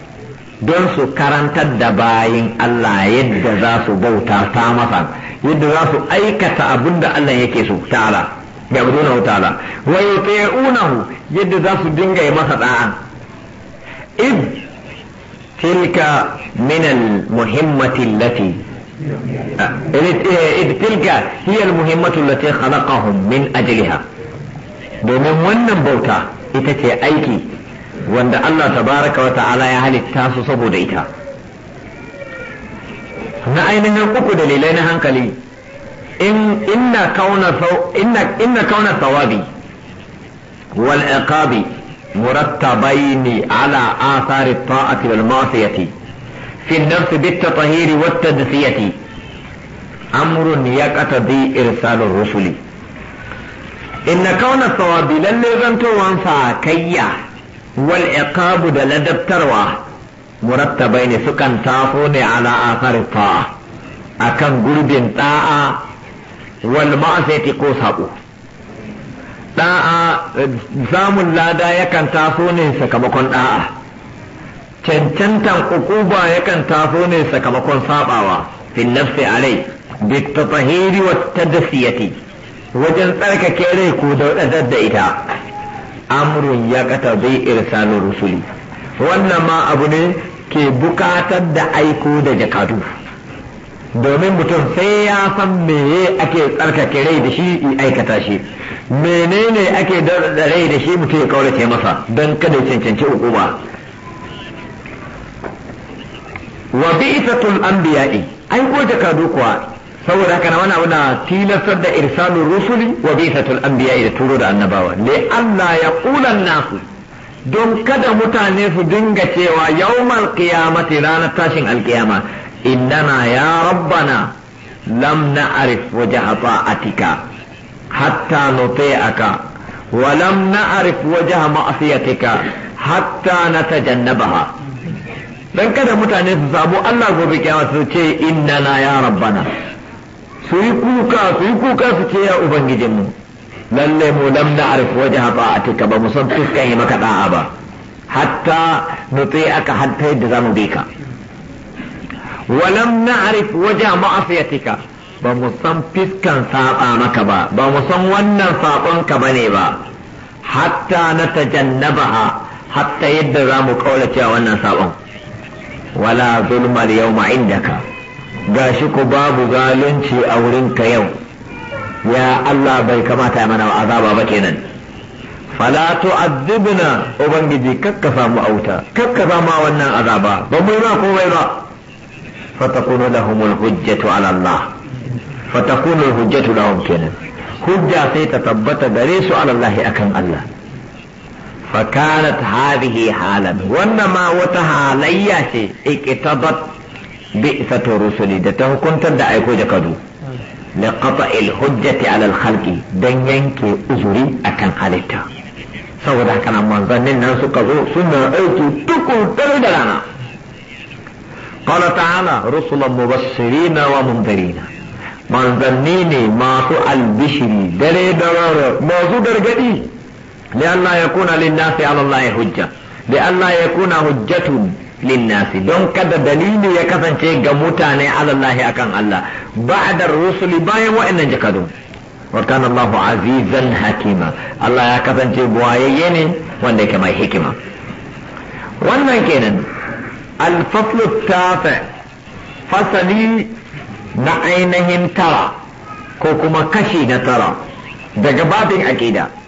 don su karantar da bayin Allah yadda za su bauta ta masa yadda za su aikata abin da Allah yake so ta'ala yabdunahu ta'ala wa yuti'unahu yadda za su dinga yi masa da'a id tilka min al-muhimmati allati ah, eh, id tilka hiya al-muhimmatu allati khalaqahum min ajliha domin wannan bauta ita ce aiki wanda Allah tabaraka wa ta'ala ya halitta su saboda ita na ainihin uku dalilai na hankali in inna kauna inna wal iqabi murattabain ala athari at-ta'ati wal ma'siyati fi an-nafs bit-tathhir wat-tadfiyati amrun yaqtadi irsal ar-rusuli inna kauna lallai lalle zantowan sa kayya wal iqabu da ladabtarwa murattabai ne sukan taho ne ala asarin ta'a akan gurbin da'a wal ma'asati ko sabo da'a zamun lada yakan taso ne sakamakon da'a cancantan ukuba yakan taso ne sakamakon sabawa fil nafsi alai bi tatahiri wa tadfiyati wajen tsarkake rai ko da ita amrun ya kata zai irsalin rusuli wannan ma abu ne ke bukatar da aiko da jakadu domin mutum sai ya san meye ake tsarkake rai da shi in aikata shi menene ake da rai da shi mutum ya kaurace masa don kada ya cancanci hukuma wa bi'satul anbiya'i aiko jakadu kuwa saboda haka na wani abu tilastar da irsalin rusuli wa bisatul anbiya da turo da annabawa ne Allah ya kulan nasu don kada mutane su dinga cewa yawmal qiyamati ranar tashin alkiyama innana ya rabbana lam na'rif wajha ta'atika hatta nuti'aka wa lam na'rif wajha ma'siyatika hatta natajannabaha dan kada mutane su samu Allah gobe kiyama su ce innana ya rabbana su yi kuka su yi kuka su ce ya ubangijinmu lalle mu lam na arif waje ta'atika ba mu san fuskan yi maka ɗa'a ba hatta nutsi aka hatta yadda za mu bi ka walam na arif waje ma'asiyatika ba mu san fiskan saɓa maka ba ba mu san wannan ka ba ne ba hatta na tajannabaha hatta yadda za mu kaula cewa wannan sabon wala zulma inda indaka gashi ku babu zalunci a wurinka yau ya Allah bai kamata mana azaba ba kenan fala tu'adhibna ubangiji kakkafa mu auta kakkafa ma wannan azaba ba mu ba komai ba fatakunu lahumul hujjatu ala Allah fatakunu hujjatu lahum kenan hujja sai ta tabbata gare su ala Allah akan Allah fakanat hadhihi halan wannan ma wata halayya ce iqtadat بئسة الرسل دته كنت دا ايكو جكدو لقطع الحجة على الخلق دن كي ازري اكن خالتا سوى دا كان امان ظنن ننسو قضو سنة ايكو تكو تلو لنا قال تعالى رسلا مبصرين ومنذرين من ظنيني ما سوء البشري دلي درار ما سوء درجتي لأن لا يكون للناس على الله حجة لأن لا يكون حجة linnasi don kada dalili ya kasance ga mutane alallahi akan Allah ba'a da rusuli bayan wa'annan jakadun wa kana Allahu azizan hakima Allah ya kasance buwayayye ne wanda yake mai hikima wannan kenan al-faslu fasali na ainihin tara ko kuma kashi na tara daga babin aƙida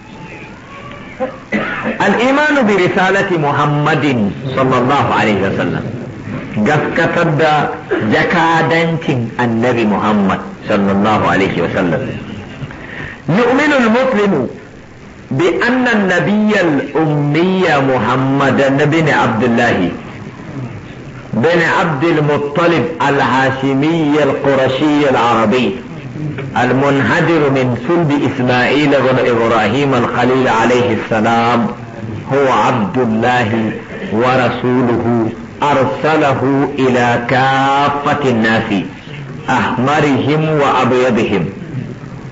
al'imanu bi risalati muhammadin sallallahu alaihi wasallam gaskatar da jakadancin annabi muhammad sallallahu alaihi wasallam yu'minu al-muslimu bi anna an-nabiyya al-ummiyya muhammadan ibn abdullah بن عبد المطلب الهاشمي القرشي العربي المنهدر من صلب إسماعيل ابراهيم الخليل عليه السلام هو عبد الله ورسوله أرسله إلى كافة الناس أحمرهم وأبيضهم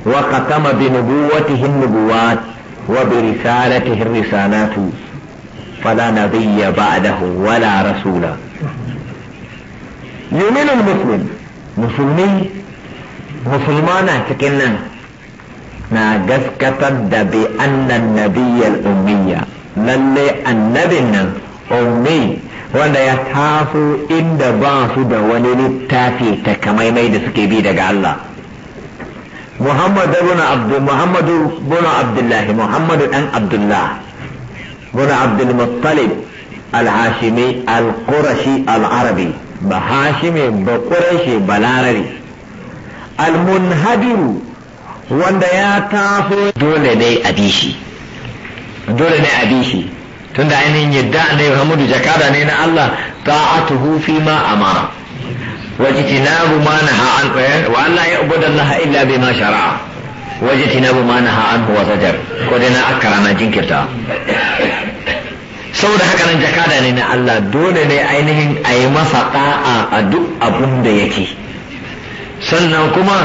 وختم بنبوته النبوات وبرسالته الرسالات فلا نبي بعده ولا رسول يؤمن المسلم مسلمي musulma na cikin nan na gaskatar da bi annan nabiyyar ummiya lalle annabin nan ummi wanda ya taso inda ba su da wani littafi takamaimai da suke bi daga Allah Muhammadu bin Muhammadu Abdullah Muhammadu dan Abdullah bin Abdul Muttalib al-Hashimi al-Qurashi al-Arabi ba Hashimi ba Qurashi ba Larabi almunhadiru wanda ya taso dole ne a bishi dole ne a bishi tunda ainihin yadda ne Muhammadu jakada ne na Allah ta'atuhu fi ma amara wajtinabu ma naha an wa Allah ya ubuda Allah illa bima shara'a wajtinabu ma naha an huwa zajar ko dai na akara na jinkirta saboda haka nan jakada ne na Allah dole ne ainihin a masa da'a a duk abun da yake sannan kuma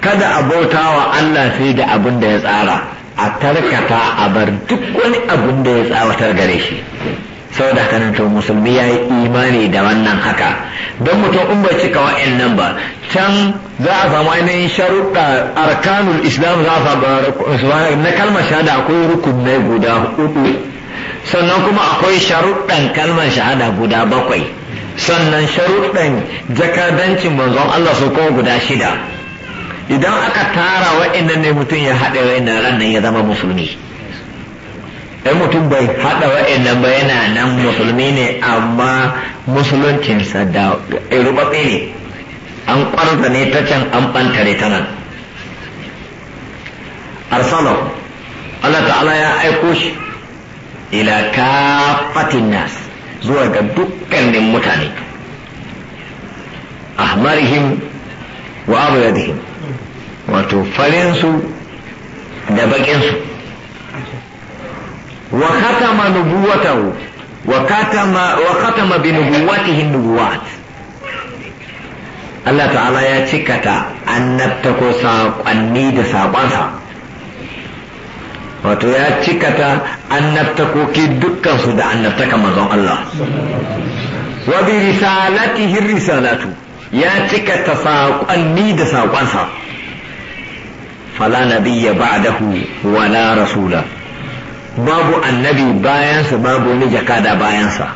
kada a bauta wa Allah sai da abin da ya tsara a tarkata a bar duk wani abin da ya tsawatar gare shi Sau da nan to musulmi ya yi imani da wannan haka don mutum in bai cika wa'in nan ba can za a samu ainihin sharuɗa arkanul islam za a samu na kalmar shahada akwai rukunai guda hudu sannan kuma akwai sharuɗan kalmar shahada guda bakwai sannan sharuɗan jakadancin manzon Allah su kuma guda shida idan aka tara wa'annan ne mutum ya haɗa wa'annan nan ya zama musulmi ɗan mutum bai haɗa wa'annan ba yana nan musulmi ne amma musuluncinsa da rubatse ne an ƙwarza ne ta can an ɓantare ta nan arsalau Allah ta'ala ya aiko shi ila kafatin nas zuwa ga dukkanin mutane ahmarihim wa abyadihim wato farinsu da bakinsu wa khatama nubuwatahu wa khatama wa ma bi nubuwatihi nubuwat Allah ta'ala ya cikata annabta ko saƙonni da saƙonsa wato ya cikata annabtakoki dukkansu da annabtaka manzon Allah wa bi risalatihi risalatu ya cikata saƙonni da saƙonsa fala nabiyya ba'dahu la rasula babu annabi bayansa babu wani jakada bayansa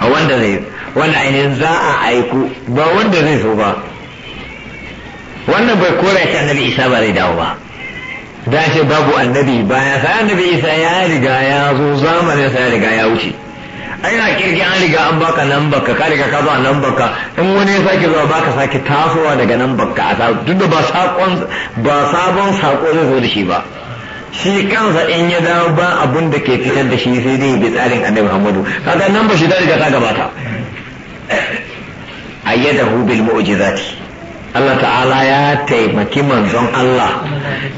a wanda zai wanda ainihin za a aiku ba wanda zai so ba wannan bai kora ta annabi isa ba zai dawo ba da ce babu annabi baya sai annabi isa ya riga ya zo zamanin sa ya riga ya wuce ai na kirki an riga an baka nan baka ka riga ka zo nan baka in wani ya sake zuwa baka sake tasowa daga nan baka a duk da ba sakon ba sabon sako zai zo da shi ba shi kansa in ya dawo ba abun da ke fitar da shi sai dai bi tsarin annabi Muhammadu kaga nan ba shi da riga ta gabata ayyadahu bil mu'jizati Allah ta'ala ya taimaki manzon Allah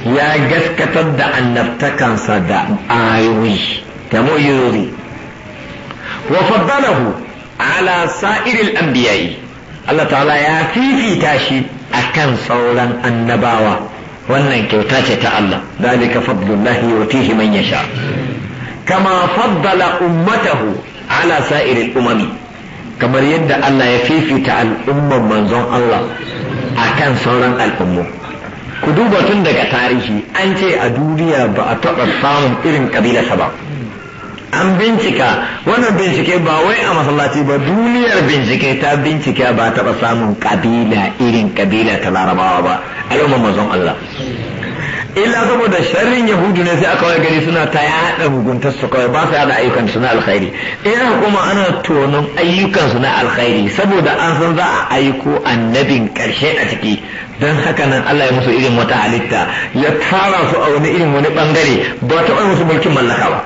ya gaskatar da annabtakansa da ayoyi da mu'yuri wa faddalahu ala sa'iril anbiya'i Allah ta'ala ya fifita shi akan sauran annabawa wannan kyauta ce ta Allah dalika fadlullahi yutihi man yasha kama faddala ummatahu ala sa'iril umami kamar yadda Allah ya fifita al'umman manzon Allah a kan sauran al'ummu ku duba tun daga tarihi an ce a duniya ba a taɓa samun irin ƙabila ba an bincika wannan bincike ba wai a masallaci ba duniyar bincike ta bincika ba taɓa samun ƙabila irin ƙabila ta larabawa ba al'ummar mazan Allah illa saboda sharrin yahudu ne sai aka wai gari suna ta yaɗa muguntar su kawai ba su yaɗa ayyukan su na alkhairi ina kuma ana tonon ayyukan su na alkhairi saboda an san za a aiko annabin karshe a ciki dan haka nan Allah ya musu irin wata halitta ya tara su a wani irin wani bangare ba ta musu mulkin mallaka ba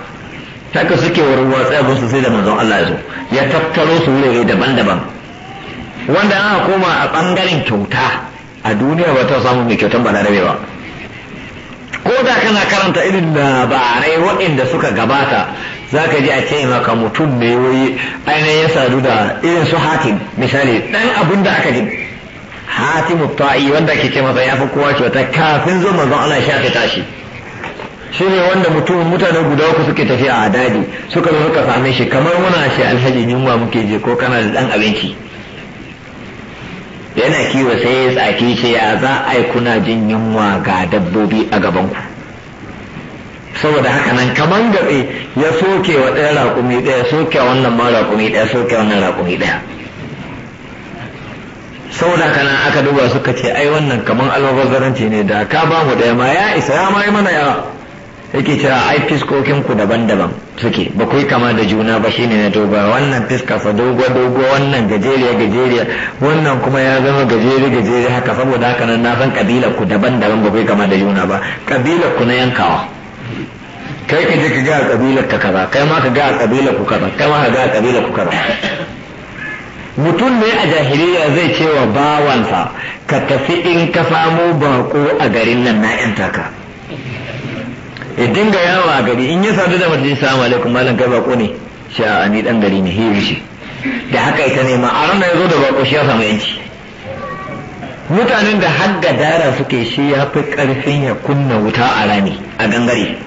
haka suke warwa tsaya su sai da manzon Allah ya zo ya tattaro su wurare daban-daban wanda aka koma a bangaren kyauta a duniya ba ta samu mai kyautan balarabe ba ko da kana karanta irin labarai waɗanda suka gabata za ka ji a ce maka mutum ne wai ainihin ya sadu da irin su hatim misali ɗan abin da aka ji hatim ta'i wanda ke ce masa ya fi kowa wata kafin zo manzon Allah shafe tashi shi ne wanda mutum mutane guda uku suke tafiya a daji suka zo suka same shi kamar muna shi alhaji yunwa muke je ko kana da ɗan abinci yana kiwo sai ya tsaki ce ya za a yi kuna jin yunwa ga dabbobi a gabanku saboda haka nan kaman gabe ya soke wa ɗaya raƙumi ɗaya soke wannan ma raƙumi ɗaya soke wannan raƙumi ɗaya saboda haka nan aka duba suka ce ai wannan kaman albabazaranci ne da ka ba mu ɗaya ma ya isa ya ma yi mana yawa yake cewa ai fiskokin ku daban-daban suke ba kai kama da juna ba shine na doba wannan fiskarsa dogo dogo wannan gajeriya gajeriya wannan kuma ya zama gajeri gajeri haka saboda haka nan na san kabila ku daban-daban ba kai kama da juna ba kabila ku na yankawa kai ka je ka ga kabila ka kaza kai ma ka ga kabila ku kaza kai ma ka ga kabila ku kaza mutum ne a jahiliya zai ce wa bawansa ka tafi in ka samu bako a garin nan na 'yan taka ya dinga yawo a gari in ya sadu da mace salamu alaikum malam kai bako ne sha ni dan gari ne hiri shi da haka ita ne ma a ranar ya zo da bako shi ya samu yanci mutanen da har dara suke shi ya fi karfin ya kunna wuta a rami a gangare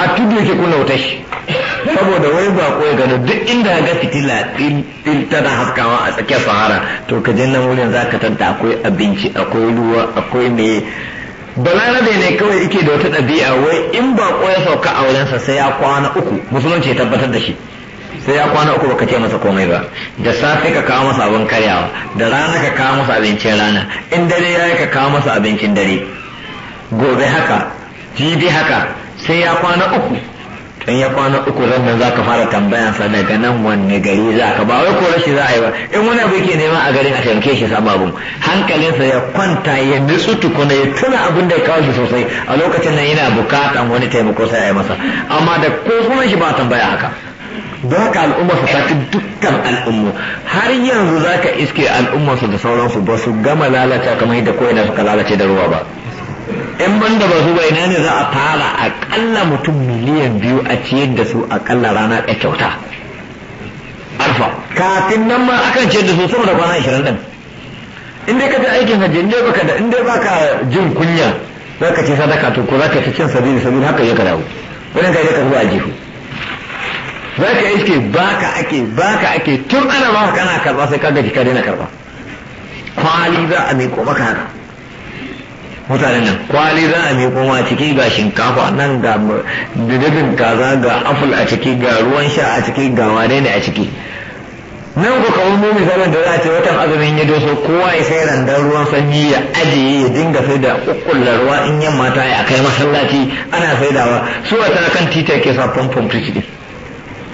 a tudu yake kunna wuta shi saboda wai bako ya gano duk inda ga fitila til tana haskawa a tsakiyar sahara to ka je nan wurin zaka tanta akwai abinci akwai ruwa akwai me balarabe ne kawai yake da wata ɗabi'a wai in ba ya sauka a wurinsa sai ya kwana uku musulunci ya tabbatar da shi sai ya kwana uku baka ce masa komai ba da safe ka kawo masa abin karyawa da rana ka kawo masa abincin rana in dare ya yi ka kawo masa abincin dare gobe haka jibi haka sai ya kwana uku in ya kwana uku zan nan zaka fara tambayan sa daga nan wanne gari zaka ba wai ko rashi za a yi ba in wani abu yake nema a garin a taimake shi sababin hankalinsa ya kwanta ya nutsu tukuna ya tuna abin da ya kawo shi sosai a lokacin nan yana bukatan wani taimako sai a yi masa amma da ko sunan shi ba tambaya haka don al'umma su tafi dukkan al'ummu har yanzu zaka iske al'umma su da sauransu ba su gama lalata kamar yadda ko yana suka lalace da ruwa ba in banda ba su bai ne za a fara akalla mutum miliyan biyu a ciyar da su akalla rana ɗaya kyauta alfa kafin nan ma akan ciyar da su sama da kwana ashirin ɗin in dai ka ta aikin hajji in dai baka da in baka jin kunya za ka ce sadaka to ko za ka ci cin sabili sabili haka ya ka dawo wannan kai ka zuwa a jihu za ka iske baka ake baka ake tun ana ba kana karba sai ka gaji ka daina karba kwali za a miƙo maka haka mutanen nan kwali za a miƙo ma ciki ga shinkafa nan ga diddigin kaza ga aful a ciki ga ruwan sha a ciki ga wane ne a ciki nan ku kawo mu misalin da za a ce watan azumin ya doso kowa ya sai randar ruwan sanyi ya ajiye ya dinga sai da ƙuƙƙullar ruwa in yamma mata ya kai masallaci ana saidawa su a tana kan titi ke sa famfon firiji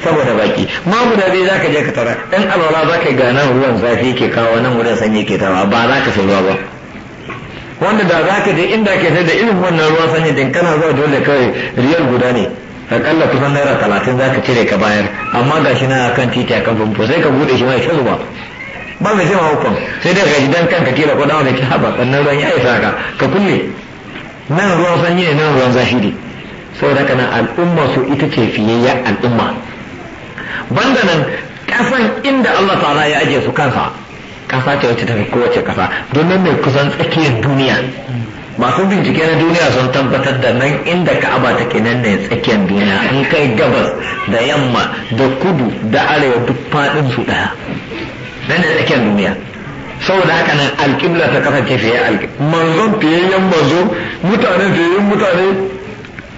saboda baki ma guda biyu zaka je ka tara ɗan alwala za ga nan ruwan zafi ke kawo nan wurin sanyi ke tara ba za ka sai ruwa ba wanda da za ka je inda ke da irin wannan ruwan sanyi din kana zuwa dole kawai riyal guda ne akalla kusan naira talatin za ka cire ka bayar amma ga shi na kan titi a kan famfo sai ka bude shi mai shazuwa ba mai sai hukun sai dai ka gidan kan kanka kila ko dawa da ki haba sannan ruwan ya isa ka ka kulle nan ruwan sanyi ne nan ruwan zahiri saboda kana al'umma su ita ce fiye ya al'umma banda nan kasan inda Allah ta'ala ya ajiye su kansa kafa ce wacce ta fi kowace kafa domin mai kusan tsakiyar duniya masu bincike na duniya sun tabbatar da nan inda ka'aba ke nan ne tsakiyar duniya an kai gabas da yamma da kudu da arewa duk faɗin su ɗaya nan ne tsakiyar duniya saboda haka nan alƙibla ta kasance fiye alƙibla manzon yan manzo mutanen fiyayyen mutane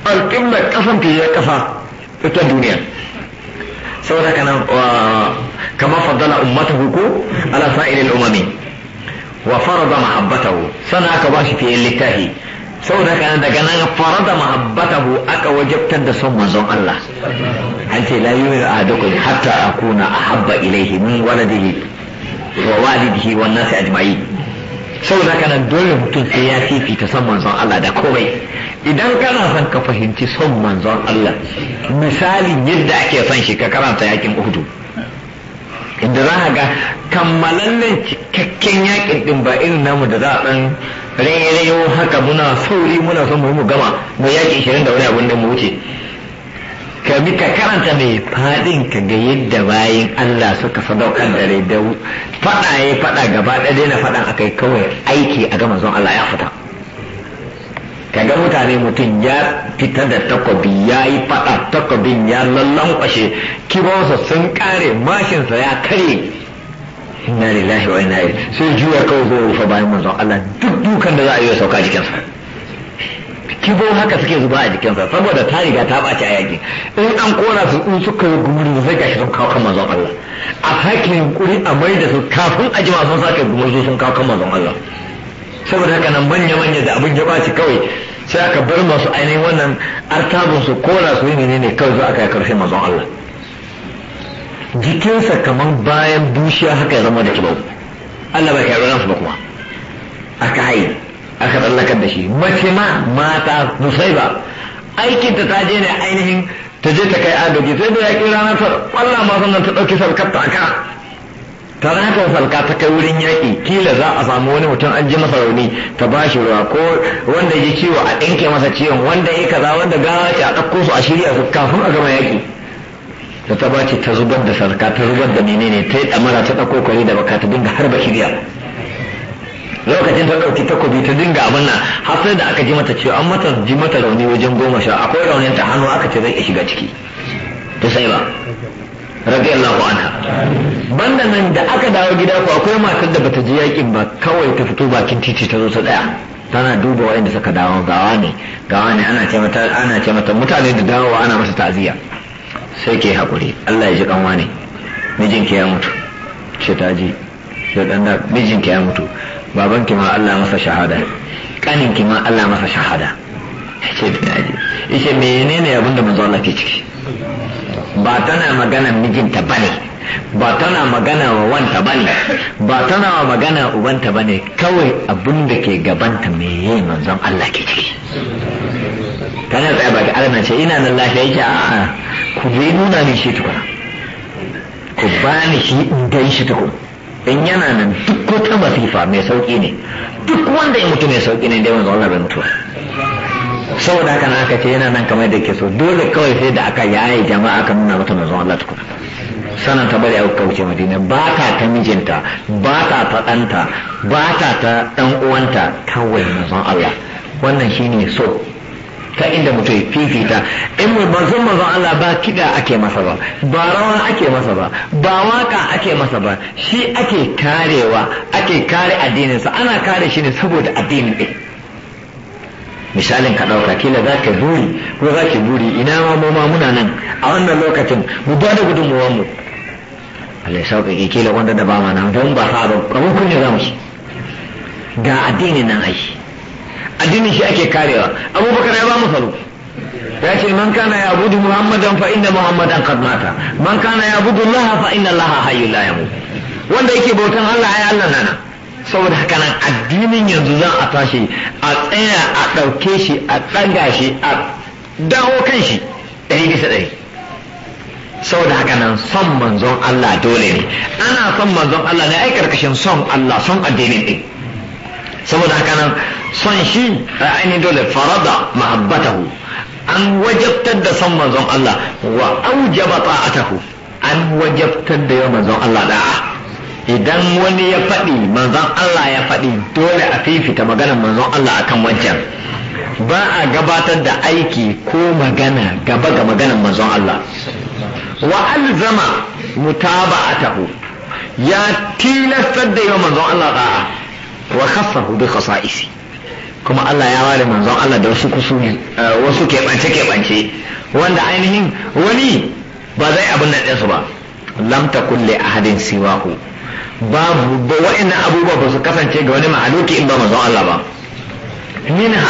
alƙibla kasan fiye kasa ita duniya saboda haka nan كما فضل أمته على سائر الأمم وفرض محبته سنة كباش في اللتاه saboda haka nan daga nan fara da mahabbatahu aka wajabtar da son manzon Allah an ce la yu'minu ahadukum hatta akuna ahabba ilayhi min waladihi wa walidihi wan nasi ajma'in saboda haka nan dole mutum sai ya fifita son manzon Allah da komai idan kana son ka fahimci son manzon Allah misalin yadda ake son shi ka karanta yakin Uhud inda za a ga kammalallen cikakken yakin din ba irin namu da za a ɗan haka muna sauri muna son mu gama mu yaki ishirin da wani abun da mu wuce ka bi ka karanta mai faɗin ka ga yadda bayan Allah suka sadaukar da rai da faɗa ya faɗa gaba ɗaya na faɗan akai kawai aiki a gama manzon Allah ya fita. kaga mutane mutum ya fita da takobi ya yi faɗa takobin ya lallankwashe kibonsa sun kare mashinsa ya kare inna lillahi wa inna ilaihi sai juya kawai zai rufe bayan manzon Allah duk dukan da za a yi sauka jikinsa kibo haka suke zuba a jikinsa saboda ta riga ta ɓaci a yaki in an kona su in suka yi gumuri zai gashi sun kawo kan manzon Allah a hakin kuri a mai da su kafin a jima sun sake gumuri sun kawo kan manzon Allah saboda haka nan manya manya da abin ya baci kawai sai aka bar masu ainihin wannan artabun su kora su yi ne kawai zuwa aka yi karshe mazan Allah jikinsa kamar bayan bushiya haka ya zama da kibau Allah ba ka yi su ba kuma aka haye aka tsallakar da shi mace ma mata musai ba aikinta ta taje ne ainihin ta je ta kai agaji sai da ya kira na sar Allah ma nan ta ɗauki sarkar ta aka za haka falka ta kai wurin yaƙi kila za a samu wani mutum an ji masa rauni ta ba shi ruwa ko wanda ya ciwo a ɗinke masa ciwon wanda ya kaza wanda gawa ce a ɗauko su a shirya su kafin a gama yaƙi da ta ba ce ta zubar da sarka ta zubar da menene ta yi ɗamara ta ɗauko kwari da baka ta dinga harba shirya lokacin ta ɗauki takobi ta dinga abin nan har sai da aka ji mata ciwo an mata ji mata rauni wajen goma sha akwai raunin ta hannu aka ce zai iya shiga ciki ta sai ba radiyallahu anha banda nan da aka dawo gida ko akwai matar da bata ji yakin ba kawai ta fito bakin titi ta zo ta daya tana duba wa'anda suka dawo gawa ne gawa ne ana ce mata ana ce mata mutane da dawowa ana masa ta'aziya. sai ke hakuri Allah ya ji kanwa ne mijin ke ya mutu ce ta ji sai dan da mijin ke ya mutu baban ki ma Allah masa shahada kanin ki ma Allah masa shahada ce ta ji ishe menene ne da manzo Allah ke ciki ba tana magana mijinta bane ba tana magana wa wanta bane ba tana wa magana ubanta bane kawai abin da ke gabanta mai yi manzon Allah ke ciki tana tsaya baki Allah ce ina nan lafiya yake a'a ku je nuna ni shi tukuna ku bani shi in gan shi tukun in yana nan duk wata masifa mai sauki ne duk wanda ya mutu mai sauƙi ne dai manzo Allah bai mutuwa saboda haka na aka ce yana nan kamar da ke so dole kawai sai da aka yaye jama'a aka nuna mata manzon Allah tukuna sanan ta bari aka kauce madina ba ta ta mijinta ba ta ta ɗanta ba ta ta ɗan uwanta kawai manzon Allah wannan shine so ta inda mutum ya fifita in ba zan mazan Allah ba kida ake masa ba ba rawa ake masa ba ba waka ake masa ba shi ake karewa ake kare addininsa ana kare shi ne saboda addinin ɗin misalin ka ɗauka kila za ka buri ko za ki buri ina ma mu ma muna nan a wannan lokacin mu ba da muwan mu Allah ya sauƙaƙe kila wanda da ba ma nan don ba fa ba kamar kun za mu ga addinin nan ai addinin shi ake karewa abubakar ya ba mu salo ya ce man kana ya budu muhammadan fa inna muhammadan qad mata man kana ya budu allaha fa inna allaha hayyul la yamut wanda yake bautan Allah ai Allah nan saboda haka nan addinin yanzu zan a tashi a tsaya a ɗauke shi a ɗaga shi a dawo kan shi ɗari bisa ɗari saboda haka nan son manzon Allah dole ne ana son manzon Allah ne ai karkashin son Allah son addinin ne. saboda haka nan son shi ainihin dole farada mahabbatahu an wajabtar da son manzon Allah wa aujaba ta'atahu an wajabtar da yawan manzon Allah da'a idan wani ya faɗi manzon Allah ya faɗi dole a fifita maganar manzon Allah akan wancan ba a gabatar da aiki ko magana gaba ga maganar manzon Allah wa alzama mutaba'atahu ya tilastar da yi manzon Allah a wa khassahu bi khasa'isi kuma Allah ya ware manzon Allah da wasu kusuri eh, wasu keɓance wanda ainihin wani ba zai abin nan ɗinsu ba lam takun li ahadin siwahu babu ba wa'annan abubuwa ba su kasance ga wani mahaluki in ba mazan Allah ba minha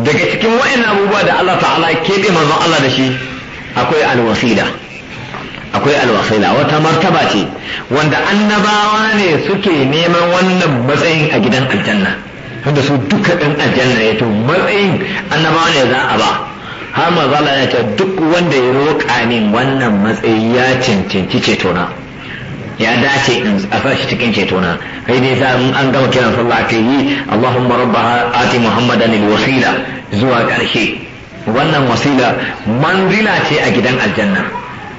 daga cikin wa'annan abubuwa da Allah ta'ala keɓe manzon Allah da shi akwai alwasila akwai alwasila wata martaba ce wanda annabawa ne suke neman wannan matsayin a gidan aljanna wanda su duka ɗan aljanna ya to matsayin annabawa ne za a ba har mazala ya ce duk wanda ya roƙa min wannan matsayi ya cancanci cetona ya dace in a sashi cikin cetona kai dai sa an gama kiran sallah ta yi Allahumma rabba ati Muhammadan wasila zuwa ƙarshe wannan wasila manzila ce a gidan aljanna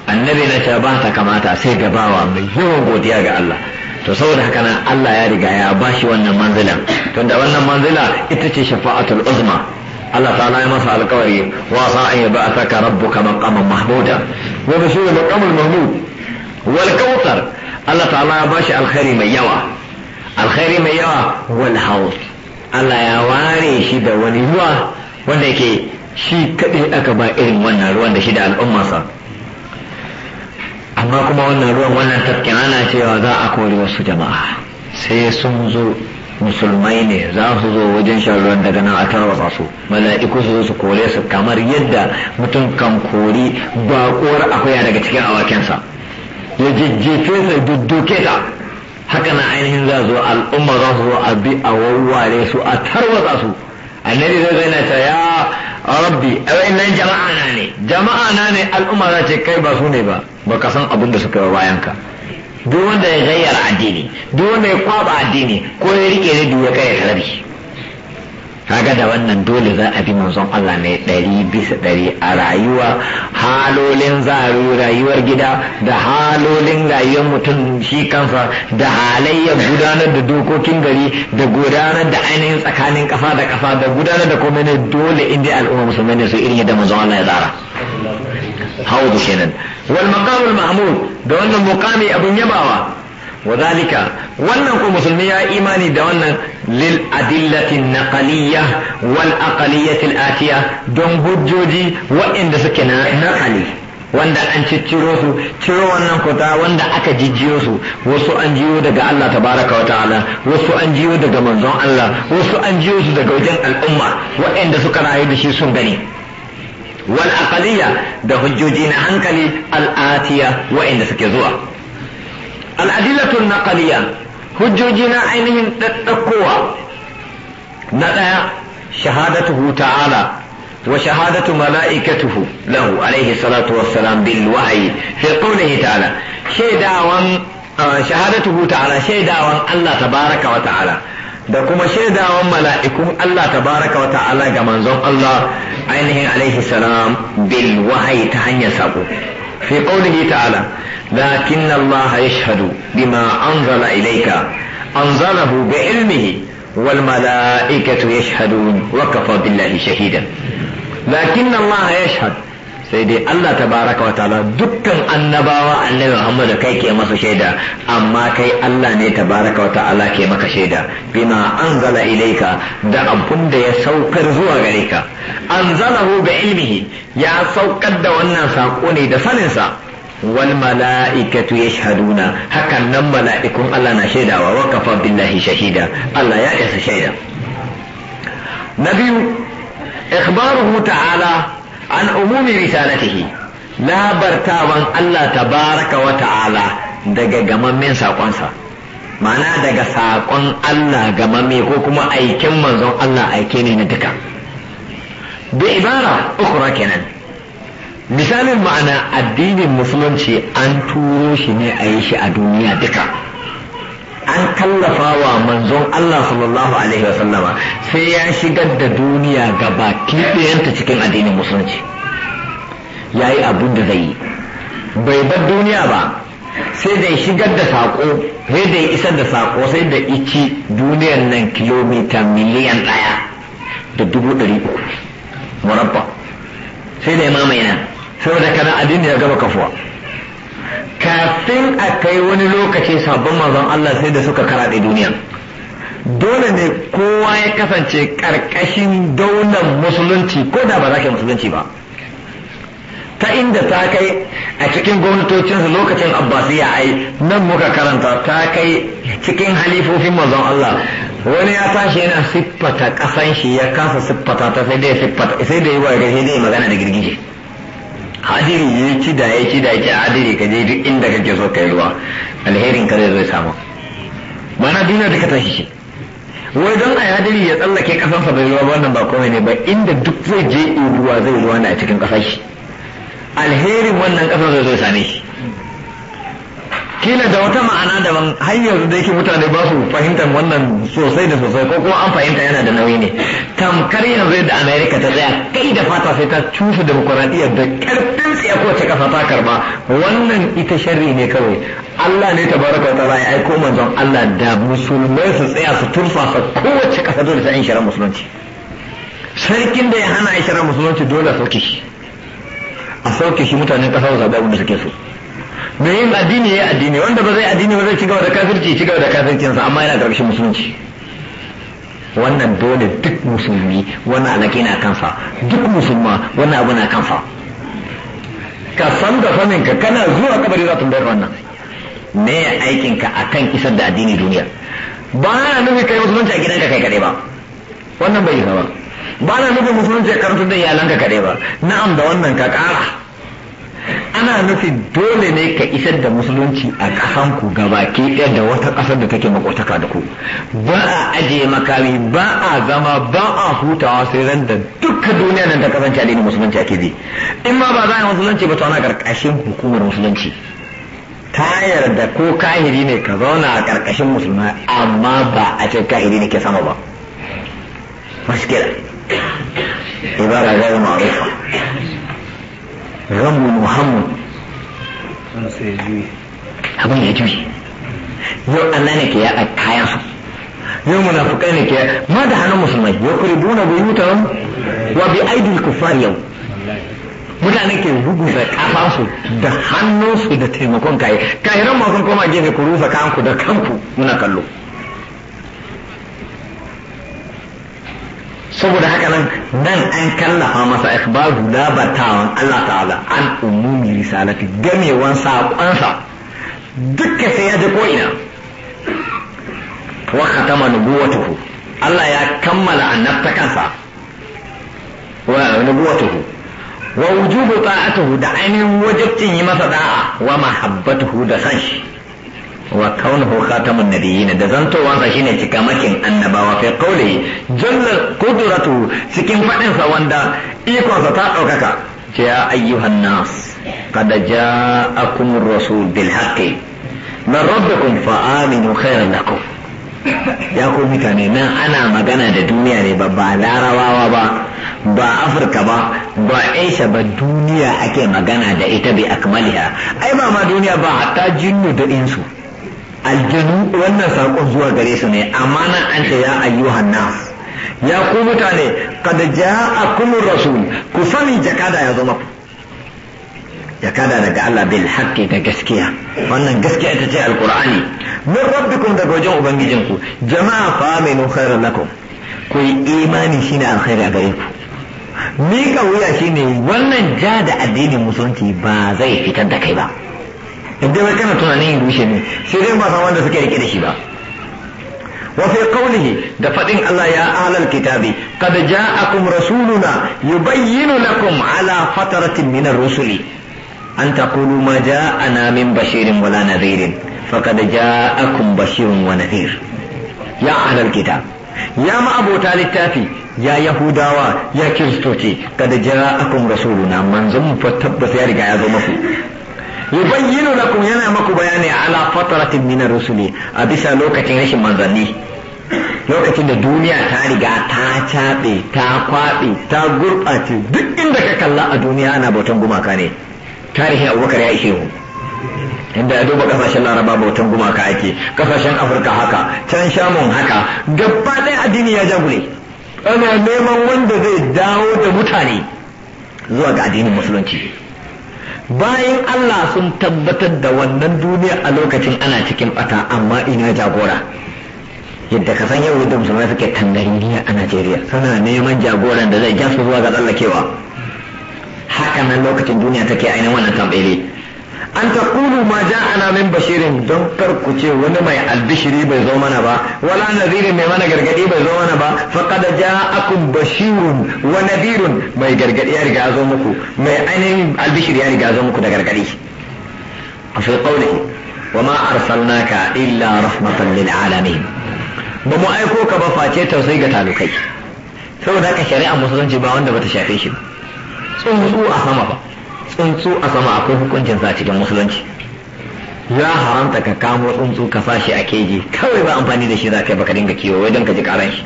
annabi na ta ba kamata sai gabawa mai yawan godiya ga Allah to saboda haka na Allah ya riga ya bashi wannan manzilan tunda wannan manzila ita ce shafa'atul uzma Allah ta'ala ya masa alƙawari wa sa an yaba ataka rabbuka maqaman mahmuda wa bashir maqamul mahmud wal kautsar Allah ta'ala ya bashi alkhairi mai yawa alkhairi mai yawa wal haus Allah ya ware shi da wani ruwa wanda yake shi kadai aka ba irin wannan ruwan da shi da al'ummarsa amma kuma wannan ruwan wannan tafkin ana cewa za a kori wasu jama'a sai sun zo musulmai ne za su zo wajen shan ruwan daga nan a ba su mala'iku su zo su kore su kamar yadda mutum kan kori baƙuwar akwai daga cikin awakensa ya jejjefe sa dudduke ta haka na ainihin za zo al'umma za su zo a bi a wawware su a tarwatsa su annabi zai zai na ta ya rabbi nan jama'a na ne jama'a na ne al'umma za ce kai ba su ne ba ba ka san abin da suka yi bayan ka duk wanda ya gayyara addini duk wanda ya kwaba addini ko ya rike ne duk ya kai rabi kaga da wannan dole za a bi manzon Allah ne ɗari bisa ɗari a rayuwa halolin zaru rayuwar gida da halolin rayuwar mutum shi kansa da halayyar gudanar da dokokin gari da gudanar da ainihin tsakanin kafa da kafa da gudanar da komai ne dole inda al'umma musulmai ne su irin yadda manzon Allah ya tsara haudu kenan wal maqamul mahmud da wannan muqami abun yabawa wa zalika wannan ko musulmi ya imani da wannan lil adillati naqaliyya wal aqaliyyati al atiya don hujjoji waɗanda suke na naqali wanda an cicciro su ciro wannan da wanda aka jijjiyo su wasu an jiyo daga Allah tabaraka wa ta'ala wasu an jiyo daga manzon Allah wasu an jiyo su daga wajen al'umma waɗanda suka rayu da shi sun gani wal aqaliyya da hujjoji na hankali al atiya waɗanda suke zuwa al'adilatun naqaliya hujjoji na ainihin ɗaɗɗakowa na ɗaya shahadatuhu ta'ala wa shahadatu mala'ikatuhu lahu alaihi salatu wassalam bil wahyi fi qawlihi ta'ala shaidawan shahadatuhu ta'ala shaidawan Allah tabaraka wa ta'ala da kuma shaidawan mala'ikun Allah tabaraka wa ta'ala ga manzon Allah ainihin alaihi salam bil wahayi ta hanyar saƙo. في قوله تعالى لكن الله يشهد بما أنزل إليك أنزله بعلمه والملائكة يشهدون وكفى بالله شهيدا لكن الله يشهد sai dai Allah baraka wa ta'ala dukkan annabawa annabi Muhammad kai ke masa shaida amma kai Allah ne ta baraka wa ta'ala ke maka shaida bima anzala ilaika da abun da ya saukar zuwa gare ka anzalahu bi ilmihi ya saukar da wannan sako ne da sanin sa wal mala'ikatu yashhaduna hakan nan mala'ikun Allah na shaidawa wa kafa billahi shahida Allah ya isa shaida na biyu ikhbaruhu ta'ala an umumi risalatihi labartawan Allah tabaraka wa ta'ala daga gamammen saƙonsa ma'ana daga saƙon Allah gamamme ko kuma aikin manzon Allah aike ne na duka da ibara ukura kenan misalin ma'ana addinin musulunci an turo shi ne a yi shi a duniya duka an kallafa wa manzon Allah sallallahu alaihi wa sallama sai ya shigar da duniya ga baki ɗayanta cikin addinin musulunci ya yi abin da zai yi bai bar duniya ba sai da shigar da saƙo sai da isar da saƙo sai da iki duniyar nan kilomita miliyan ɗaya da dubu ɗari murabba sai da ya mamaye nan saboda kana addini ya gaba kafuwa kafin a kai wani lokaci sabon manzon Allah sai da suka karaɗe duniya dole ne kowa ya kasance ƙarƙashin daular musulunci ko da ba za ka musulunci ba ta inda ta kai a cikin gwamnatocinsu lokacin abbasiya ai nan muka karanta ta kai cikin halifofin mazan Allah wani ya tashi yana siffata ƙasan shi ya kasa siffata ta sai dai siffata sai ya yi wa sai dai magana da girgije hadiri ya kida ya kida ya a hadiri ka je duk inda kake so kai ruwa alherin ka zai zo samu mana duniya ka tashi shi wai don a hadiri ya tsallake kasansa bai ruwa wannan ba komai ne ba inda duk zai je ruwa zai ruwa na a cikin kasashe alherin wannan kasar zai zo same shi kila da wata ma'ana da ban hanyar da yake mutane ba su fahimtar wannan sosai da sosai ko kuma an fahimta yana da nauyi ne tamkar yanzu da Amerika ta tsaya kai da fata sai ta cusa demokuraɗiyya da karfin tsaye ko ta kafa ta karba wannan ita sharri ne kawai Allah ne ta baraka ta ya aiko manzon Allah da musulmai su tsaya su turfafa kowace kasa dole ta yin shirar musulunci sarkin da ya hana shirar musulunci dole a sauke shi a sauke shi mutanen kasa su zaɓi abin da suke so mai yin addini ya addini wanda ba zai addini ba zai ci gaba da kafirci ci gaba da kafircinsa amma yana karshen musulunci wannan dole duk musulmi wannan alaƙi na kansa duk musulma wannan abu na kansa ka san da saninka ka kana zuwa kabari za ta bayar wannan me aikinka a akan isar da addini duniya ba na nufi kai musulunci a gidanka kai kaɗai ba wannan bai yi ba ba na nufin musulunci a karantar da iyalanka kaɗai ba na'am da wannan ka ƙara ana nufin dole ne ka isar da musulunci a ƙasan ku gabaki ɗaya da wata ƙasar da take makotaka da ku ba a ajiye makami ba a zama ba a hutawa sai ran da dukkan duniya nan ta kasance a addinin musulunci ake bi in ma ba za a yi musulunci ba to ana ƙarƙashin hukumar musulunci ta yarda ko kahiri ne ka zauna a ƙarƙashin musulma amma ba a ce kahiri ne ke sama ba maskila ibara zai a غم وهم abin ya juyi yau Allah ne ke ya a kayan su yau munafukai ne ke ma da hannun musulmai yau kuri duna bai wa bi aidil kufar yau mutane ke rubuta su da su da taimakon kayi kahiran masu koma gefe ku rusa kanku da kanku muna kallo saboda haka nan nan an kallafa masa ikhbaru batawan Allah ta'ala an umumi risalati gamewan saƙonsa duka sai ya ji ko'ina wa khatama nubuwatuhu Allah ya kammala annabta kansa wa nubuwatuhu wa wujubu ta'atuhu da ainihin wajibcin yi masa da'a wa mahabbatuhu da san shi wa kaunuhu khatamun nabiyyin da zantowansa shine cikamakin annabawa fi qawli jalla qudratu cikin fadin sa wanda ikonsa ta daukaka ce ya ayyuhan nas qad ja'akum ar-rasul bil haqqi min rabbikum fa aminu khairan lakum ya ku mutane nan ana magana da duniya ne ba ba larabawa ba ba afirka ba ba aisha ba duniya ake magana da ita bi akmaliha ai ba ma duniya ba hatta jinnu da insu aljanu wannan sakon zuwa gare su ne amma nan an ya ayyuhan nas ya ku mutane kad ja'akum rasul ku sani jakada ya zama jakada daga Allah bil haqqi da gaskiya wannan gaskiya ita ce alqur'ani min rabbikum daga wajen ku jama'a fa aminu khairan lakum ku yi imani shine alkhairi a gare ku mika wuya shine wannan ja da addinin musulunci ba zai fitar da kai ba inda wai kana tunanin yin ne sai dai ba san wanda suke rike da shi ba wa fi qawlihi da fadin Allah ya ahlal kitabi qad ja'akum rasuluna yubayyinu lakum ala fataratin min ar-rusuli an taqulu ma ja'ana min bashirin wala nadhirin faqad ja'akum bashirun wa nadhir ya ahlal kitab ya ma abota littafi ya yahudawa ya kiristoci kada jira akum rasuluna manzon mu tabbata ya riga ya zo muku yubayyinu lakum yana maku bayani ala fatratin min rusuli a bisa lokacin rashin manzanni lokacin da duniya ta riga ta caɓe ta kwaɓe ta gurɓace duk inda ka kalla a duniya ana bautan gumaka ne tarihin abubakar ya ishe mu inda ya duba kasashen laraba bautan gumaka ake kasashen afirka haka can shamun haka gaba ɗaya addini ya jagule ana neman wanda zai dawo da mutane zuwa ga addinin musulunci bayan Allah sun tabbatar da wannan duniya a lokacin ana cikin bata amma ina jagora yadda ka san yau da musulmai suke tangariniya a Najeriya suna neman jagoran da zai ja zuwa ga tsallakewa haka nan lokacin duniya take ainihin wannan tambayi an ta kulu ma ja'ana min bashirin don karku ce wani mai albishiri bai zo mana ba wala nadhiri mai mana gargadi bai zo mana ba faqad ja'akum bashirun wa nadhirun mai gargadi ya riga zo muku mai ainihin albishiri ya riga zo muku da gargadi fi qawlihi wa ma arsalnaka illa rahmatan lil alamin ba mu aiko ka ba face tausayi ga talukai saboda haka shari'a musulunci ba wanda bata shafe shi ba tsuntsu a sama ba tsuntsu a sama akwai hukuncin sa cikin musulunci ya haramta ka kamo tsuntsu ka shi a keji kawai ba amfani da shi za ka yi baka dinga kiwo wai don ka ji karan shi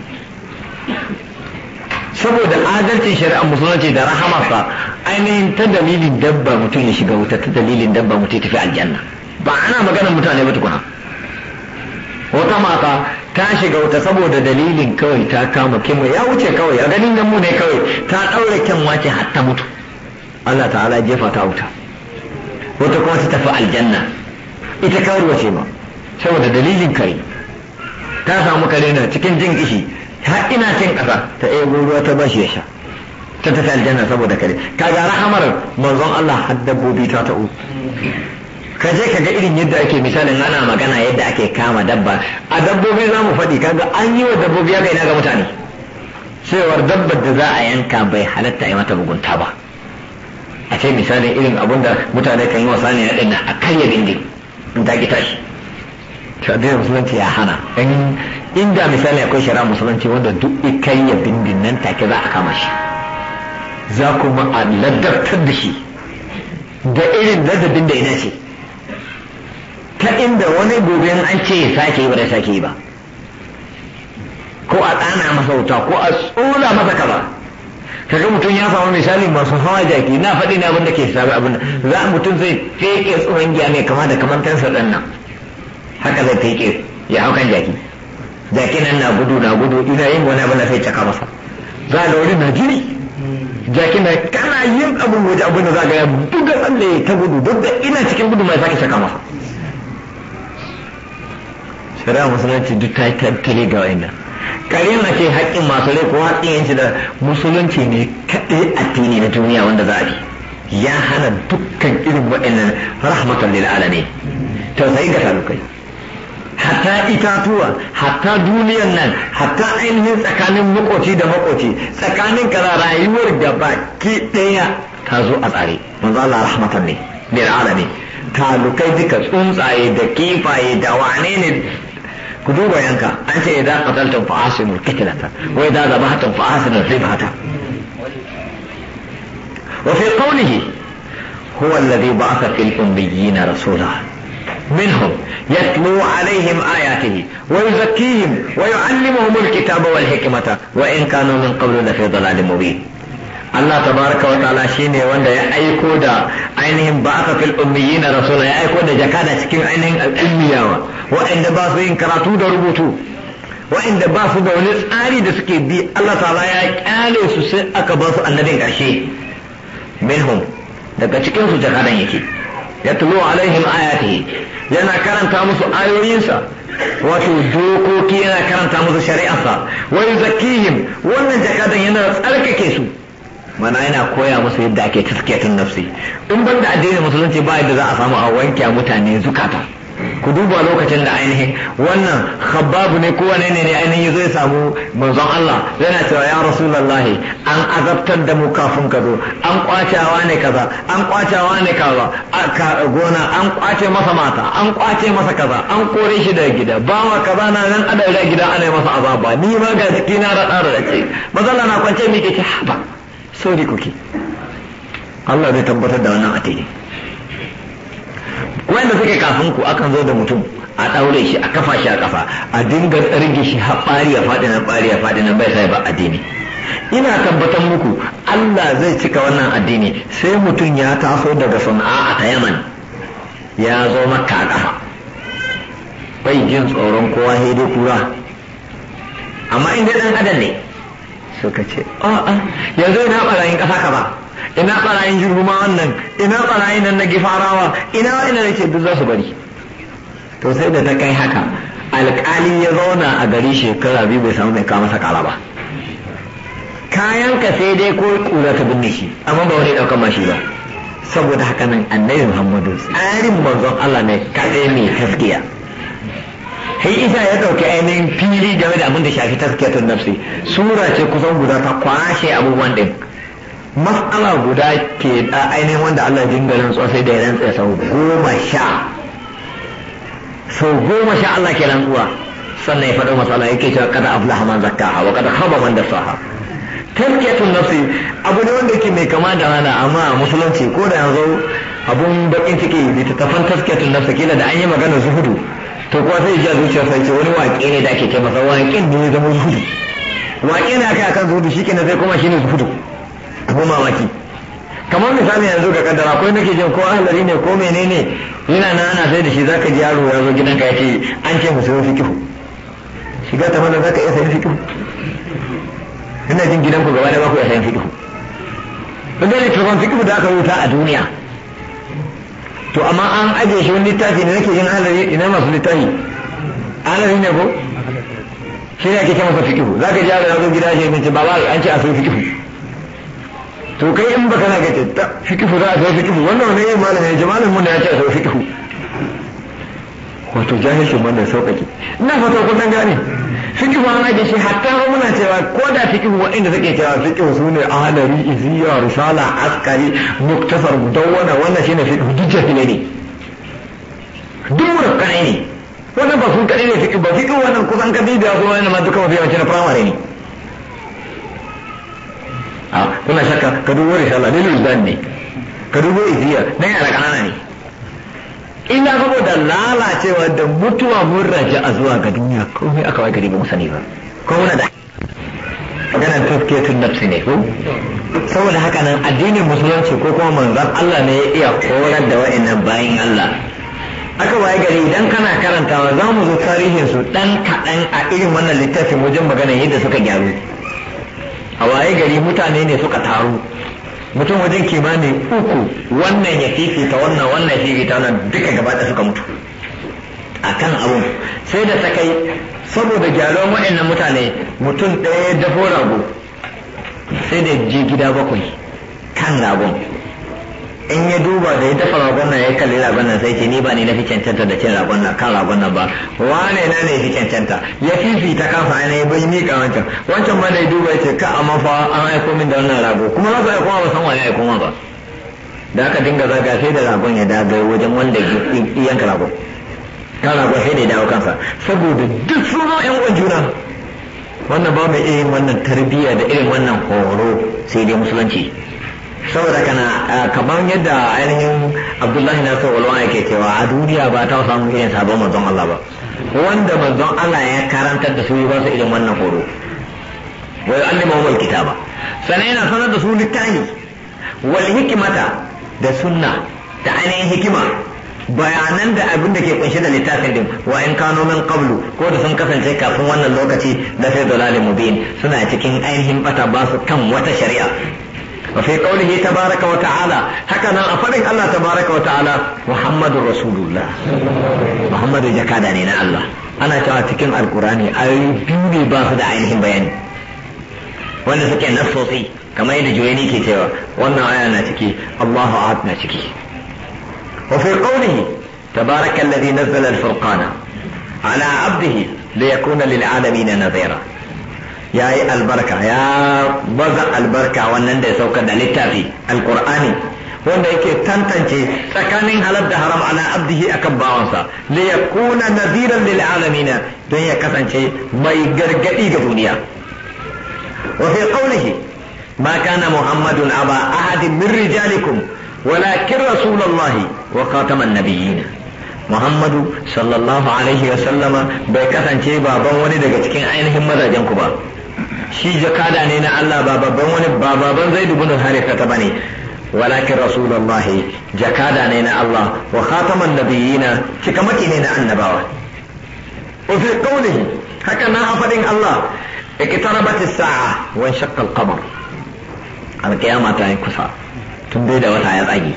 saboda adalcin shari'ar musulunci da rahamarsa ainihin ta dalilin dabba mutum ya shiga wuta ta dalilin dabba mutum ya tafi aljanna ba ana maganar mutane ba tukuna wata mata ta shiga wuta saboda dalilin kawai ta kama kinmu ya wuce kawai a ganin nan mu ne kawai ta ɗaure kyanwa ce har ta mutu Allah ta'ala jefa ta wuta wata kuma ta tafi aljanna ita karuwa ce ma saboda dalilin kare ta samu kare na cikin jin kishi har ina cin ƙasa ta ɗaya ruwa ta bashi ya sha ta tafi aljanna saboda kare kaga rahamar manzon Allah har dabbobi ta ta'u ka je ka ga irin yadda ake misalin ana magana yadda ake kama dabba a dabbobi za mu faɗi Ka ga an yi wa dabbobi ya ga ina ga mutane cewar dabbar da za a yanka bai halatta a yi mata mugunta ba a ce misalin irin abun mutane kan yi wa na ɗin a karya dindin in ta ki tashi shadiyar musulunci ya hana inda misali akwai shara musulunci wanda duk ikan ya bindin nan take za a kama shi za kuma a ladabtar da shi da irin ladabin da ina ce ta inda wani gobe an ce ya sake yi ba da sake yi ba ko a tsana masa wuta ko a tsola masa kaza kaga mutum ya samu misali masu hawa jaki na faɗi na abinda ke sabi abin za mutum zai feke tsohon giya ne kama da kansa ɗan nan haka zai feke ya hau kan jaki jaki nan na gudu na gudu ina yin wani abin da sai caka masa za a lauri na jini jaki na kana yin abin waje abin da za a gaya duk da tsalle ta gudu duk da ina cikin gudu mai sake caka masa shari'a musulunci duk ta yi tattale ga wa'annan kare na ce haƙƙin masu rai ko haƙƙin yanci da musulunci ne kaɗai addini na duniya wanda za a bi ya hana dukkan irin waɗannan rahmatan lil alamin tausayi ga talukai hatta itatuwa hatta duniyar nan hatta ainihin tsakanin makoci da makoci tsakanin kaza rayuwar gaba ki ɗaya ta zo a tsare manzo Allah rahmatan ne lil alamin talukai duka tsuntsaye da kifaye da wane ne كدوبا ينكا أنت إذا قتلتم فعاصموا القتلة وإذا ذبحتم فعاصموا الربا وفي قوله هو الذي بعث في الأميين رسولا منهم يتلو عليهم آياته ويزكيهم ويعلمهم الكتاب والحكمة وإن كانوا من قبل لفي ضلال مبين Allah tabaraka wa ta'ala shine wanda ya aiko da ainihin ba'atha fil ummiyin rasula ya aiko da jakada cikin ainihin al'ummiyawa waɗanda ba su yin karatu da rubutu waɗanda ba su da wani tsari da suke bi Allah ta'ala ya kyale su sai aka ba su annabin ƙarshe minhum daga cikin su jakadan yake yatlu alaihim ayatihi yana karanta musu ayoyinsa wato dokoki yana karanta musu shari'arsa wa yuzakkihim wannan jakadan yana tsarkake su mana yana koya musu yadda ake tasketin nafsi in ban da addinin musulunci ba yadda za a samu a wanke mutane zukata ku duba lokacin da ainihin wannan khababu ne kowa ne ne ainihin zai samu manzon Allah yana cewa ya rasulullahi an azabtar da mu kafin ka zo an kwacewa ne kaza an kwacewa ne kaza a gona an kwace masa mata an kwace masa kaza an kore shi da gida bawa kaza na nan adai gida ana masa azaba ni ma ga jiki na da ce mazalla na kwance mi ke ci haba sauri kuke Allah zai tabbatar da wannan atini wanda suke kafin ku akan zo da mutum a ɗaure shi a kafa shi a kafa a dinga tsirge shi har bari ya faɗi nan bari ya faɗi nan bai sai ba addini ina tabbatar muku Allah zai cika wannan addini sai mutum ya taso daga sana'a a yaman ya zo makka a kafa bai jin tsoron kowa sai kura amma in dai dan adam ne suka ce a'a yanzu ina barayin ƙasa ka ba ina barayin jirguma wannan ina barayin nan na gifarawa ina ina nake ce duk za su bari to sai da ta kai haka alƙali ya zauna a gari shekara biyu bai samu mai kawo masa kala ba kayan ka sai dai ko kura ta binne shi amma ba wani ma mashi ba saboda haka nan annabi muhammadu tsarin manzon allah ne kaɗai mai gaskiya sai isa ya ɗauki ainihin fili game da abin da shafi tun nafsi sura ce kusan guda ta kwashe abubuwan ɗin matsala guda ke da ainihin wanda Allah dinga rantsuwa sai da ya rantsa sau goma sha sau goma sha Allah ke rantsuwa sannan ya faɗo matsala yake cewa kada abu lahaman zakka wa kada khaba man dasaha tazkiyatun nafsi abu ne wanda ke mai kama da rana amma musulunci ko da yanzu abun bakin ciki littattafan tazkiyatun nafsi kila da an yi magana zuhudu to kuwa sai ya zuciyar sai ce wani waƙe ne da ake ce masa waƙen da ya zama zuhudu waƙe ne aka akan zuhudu shi kenan sai kuma shi ne zuhudu abu mamaki kamar misali yanzu ga kaddara akwai nake jin ko ahlari ne ko menene yana na ana sai da shi zaka ji yaro ya zo gidanka ya ce an ce musu fikihu shiga ta mana zaka iya sayan fikihu ina jin gidanku gaba da ba ku iya sayan fikihu kun ga littattafan fikihu da aka rubuta a duniya to amma an ajiye shi wani littafi ne nake yin alari ina masu littafi alari ne ko shi ne ake kama sa fikihu za ka ji da zo gida shi ne ce baba an ce a sai fikihu to kai in baka na gace ta fikihu za a sai fikihu wannan wani yin malamin ya malamin mun ya ce a sai fikihu wato jahilcin wanda ya sauƙaƙe ina fata kun dan gane fiki ba na shi hatta ba muna cewa ko da fiqh inda take cewa fiki su ne ahlari iziya risala askari muktasar mudawwana wannan shine fiki duk jahilai ne duk kai ne wannan ba su kai ne fiki ba fiki wannan kusan kadai da su wannan ma duka mafi yawanci na primary ne a ah, kuna shakka ka dubo risala ne lulzan ne ka dubo iziya dan yara kanana ne ina saboda lalacewa da mutuwa mun raja a zuwa ga duniya komai aka wai gari ba mu sani ba ko muna da maganar tun nafsi ne ko saboda haka nan addinin musulunci ko kuma manzon Allah ne ya iya korar da wa'annan bayin Allah aka waye gari idan kana karantawa za mu zo tarihin su dan kaɗan a irin wannan littafin wajen magana yadda suka gyaru a waye gari mutane ne suka taru mutum wajen kimanin uku wannan ya fifita wannan wannan fifita wannan duka gaba da suka mutu a kan abun sai da ta kai saboda gyaro waɗannan mutane mutum ɗaya ya dafo rago sai da je gida bakwai kan ragon in ya duba da ya dafa ragon nan ya kalli ragon nan sai ce ni ba ni na fi cancanta da cin ragon nan kan ragon nan ba wane na ne fi cancanta ya ta kansa ainihin bai miƙa wancan wancan ba da ya duba ya ce ka amma fa an aiko min da wannan rago kuma za su aiko ma ba san wani aiko ma ba da aka dinga zaga sai da ragon ya dagaye wajen wanda yanka ragon kan ragon sai da ya dawo kansa saboda duk ma yan uwan juna wannan ba mai irin wannan tarbiyya da irin wannan horo sai dai musulunci saboda kana kamar yadda ainihin abdullahi na so walwa yake cewa a duniya ba ta samu irin sabon manzon Allah ba wanda manzon Allah ya karantar da su ba su irin wannan horo wai allima wal kitaba sannan yana sanar da su littafi wal hikimata da sunna da ainihin hikima bayanan da abin da ke kunshe da littafin din wa in kano min qablu ko da sun kasance kafin wannan lokaci da sai dalalin mubin suna cikin ainihin bata ba su kan wata shari'a وفي قوله تبارك وتعالى هكذا أفرح الله تبارك وتعالى محمد رسول الله محمد جكاداني نا الله أنا تعتكم القرآن أي بيوني باخد عينهم بيان وانا سكي نفسي كما يدي جويني كي تيوا وانا آيانا تكي الله عادنا تكي وفي قوله تبارك الذي نزل الفرقان على عبده ليكون للعالمين نذيرا ya yi albarka ya baza albarka wannan da ya sauka da littafi alkur'ani wanda yake tantance tsakanin halar da haram ala abdihi akan bawansa li yakuna nadhiran lil alamin don ya kasance mai gargadi ga duniya wa fi qawlihi ma kana muhammadun aba ahadin min rijalikum walakin rasulullahi wa khataman nabiyyin muhammadu sallallahu alaihi wa sallama bai kasance baban wani daga cikin ainihin mazajen ku ba shi jakada ne na Allah ba babban wani ba baban zai dubu nan harika ta bane walakin rasulullahi jakada ne na Allah wa khataman nabiyina cikamaki ne na annabawa wa fi qawlihi haka na afadin Allah iktarabat as-sa'a wa shaqqa al-qamar al-qiyama ta kusa tun dai da wata ya tsage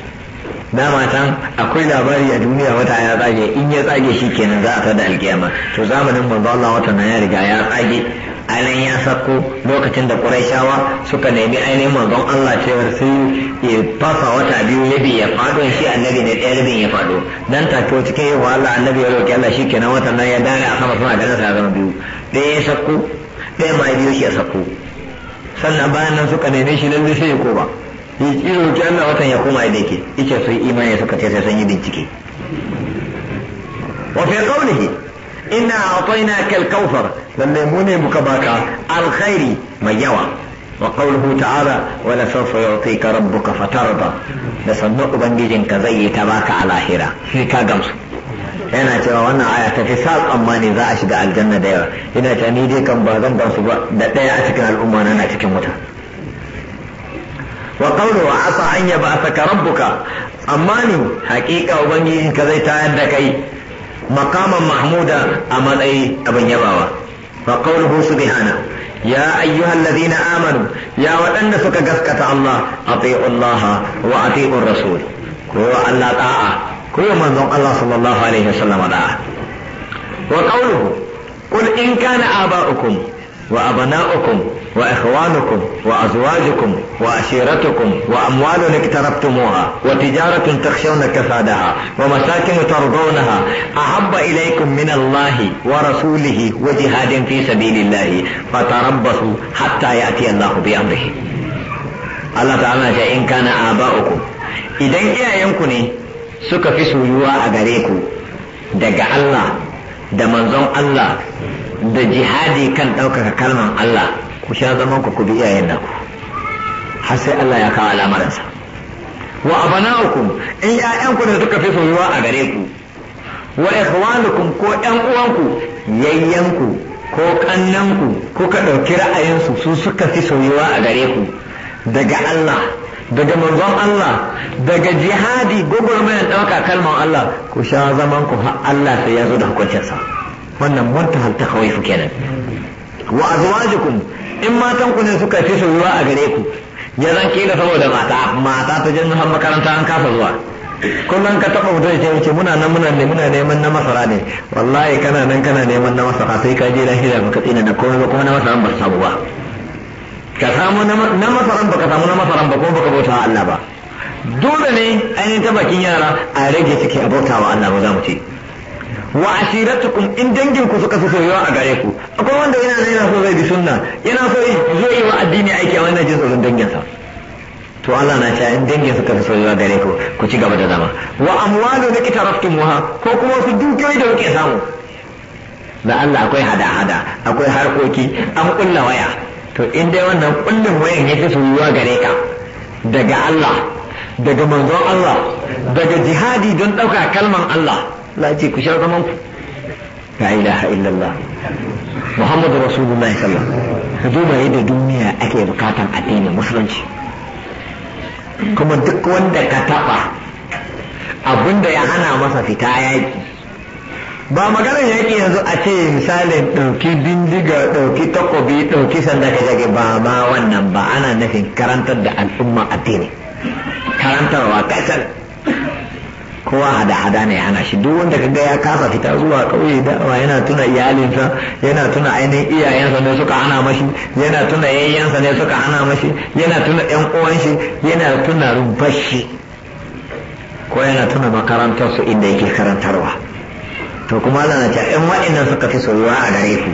Na matan akwai labari a duniya wata ya tsage in ya tsage shi kenan za a tada alkiyama to zamanin manzo Allah wata na ya riga ya tsage ainihin ya sako lokacin da shawa suka nemi ainihin manzon Allah cewar sun ya fasa wata biyu ya ya faɗo shi annabi ne ɗaya rabin ya faɗo dan tafiyo cikin yin Allah annabi ya roƙi Allah shi kenan watan nan ya dare a sama suna ganin sa zama biyu ɗaya ya sako ɗaya ma biyu shi ya sako sannan bayan nan suka neme shi lalle sai ya koma ya ƙi roƙi Allah watan ya koma yadda yake yake sun imani suka ce sai sun yi bincike wa fi qawlihi ina a'tayna kal kautsar lalle mu ne muka baka alkhairi mai yawa wa qawluhu ta'ala wa la sawfa yu'tika rabbuka fatarda da sannan ubangijinka zai yi ta baka a lahira sai ka gamsu yana cewa wannan aya ta fi sa tsammani za a shiga aljanna da yawa ina ta ni dai kan ba zan gamsu ba da ɗaya a cikin al'umma na cikin wuta wa qawlu wa asa an yab'athaka rabbuka amma ni haƙiƙa ka zai tayar da kai maqaman mahmuda a matsayi abin yabawa fa qawluhu subhana ya ayyuhalladhina amanu ya waɗanda suka gaskata Allah ati'u Allah wa ati'u rasul ko Allah ta'a ko manzon Allah sallallahu alaihi wasallam da'a wa qawluhu qul وأبناؤكم وإخوانكم وأزواجكم وعشيرتكم وأموال اقترفتموها وتجارة تخشون كسادها ومساكن ترضونها أحب إليكم من الله ورسوله وجهاد في سبيل الله فتربصوا حتى يأتي الله بأمره الله تعالى إن كان آباؤكم إذا إياكم ne suka fi soyuwa a gare ku daga Allah da manzon Allah da jihadi kan ɗaukaka kalman Allah ku sha zaman ku bi iyayen ku. har sai Allah ya kawo al'amarinsa wa abana'ukum in 'ya'yanku da suka fi soyuwa a gare ku wa ikhwanukum ko ƴan uwanku yayyanku ko kannanku kuka ɗauki ra'ayinsu su suka fi soyuwa a gare ku daga Allah daga manzon Allah daga jihadi mai ɗauka kalman Allah ku sha zaman ku har Allah sai ya zo da hukuncinsa. wannan kawai su kenan wa azwajukum in matan ku ne suka fi soyuwa a gare ku ya zan kila saboda mata mata ta jin har makaranta an kasa zuwa kullum ka taba mutum ya ce muna nan muna ne muna neman na masara ne wallahi kana nan kana neman na masara sai ka je lahira baka tsina da komai ba kuma na masaran ba samu ba ka samu na masaran ka samu na masaran ba kuma baka bauta Allah ba dole ne ainihin yi ta bakin yara a rage suke a bautawa Allah ba za mu ce wa ashiratukum in dangin ku suka fi soyuwa a gare ku akwai wanda yana da yana so zai bi sunna yana so zai yi wa addini aiki a wannan sun dangin danginsa to Allah na cewa in dangin suka fi yawa gare ku ku ci gaba da zama wa amwalu da muha ko kuma su dukiyoyi da kuke samu da Allah akwai hada-hada akwai harkoki an kulla waya to in dai wannan kullum wayan ya fi soyuwa gare ka daga Allah daga manzon Allah daga jihadi don ɗauka kalman Allah Allah ce ku sha zaman ku ilaha illallah Muhammadu sallallahu alaihi duba yadda duniya ake bukatan addinin musulunci kuma duk wanda ka taba abinda ya hana masa fita yaki ba maganar yaki yanzu a ce misalin ɗauki bindiga ɗauki takobi ɗauki sanda ka jage ba ma wannan ba ana nufin karantar da al'umma addini karantarwa kasar kowa hada-hada ne ana shi duk wanda kaga ya kasa fita zuwa kauye dawa yana tuna iyalinsa yana tuna ainihin iyayensa ne suka ana mashi yana tuna yayyensa ne suka hana mashi yana tuna yan uwan shi yana tuna rumfar shi ko yana tuna makarantar su inda yake karantarwa to kuma Allah ta in wa'annan suka fi soyuwa a gare ku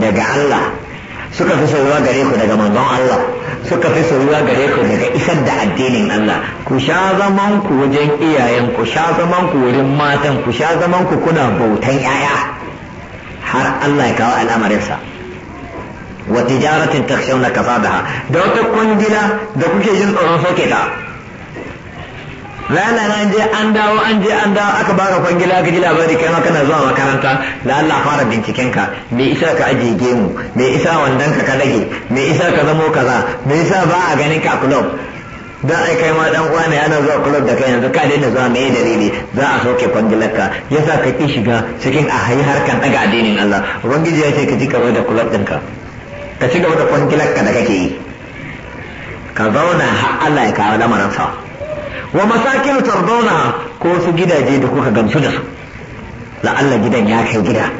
daga Allah suka fi sauruwa gare ku daga manzon Allah suka fi sauruwa gare ku daga isar da addinin Allah ku sha zaman ku wajen iyayen ku sha zaman ku wurin matan ku sha zaman ku kuna bautan yaya har Allah ya kawo al'amarinsa wa tijaratin takshawna kasadaha da wata kwangila da kuke jin tsoron soke ta ranar an je an dawo an je an dawo aka baka kwangila ka ji labari kai ma kana zuwa makaranta da Allah fara binciken ka me isa ka aje gemu me isa wandan ka ka rage me isa ka zamo kaza me isa ba a ganin ka club da ai kai ma dan uwa ne yana zuwa club da kai yanzu ka daina zuwa me dalili za a soke kwangilar ka yasa ka ki shiga cikin a hayi harkan daga addinin Allah ubangiji ya ce ka ji kawai da club ka ka ci gaba da kwangilar ka da kake yi ka zauna har Allah ya kawo lamarin sa wa masakin tardawna ko su gidaje da kuka gamsu da su la'alla gidan ya kai gida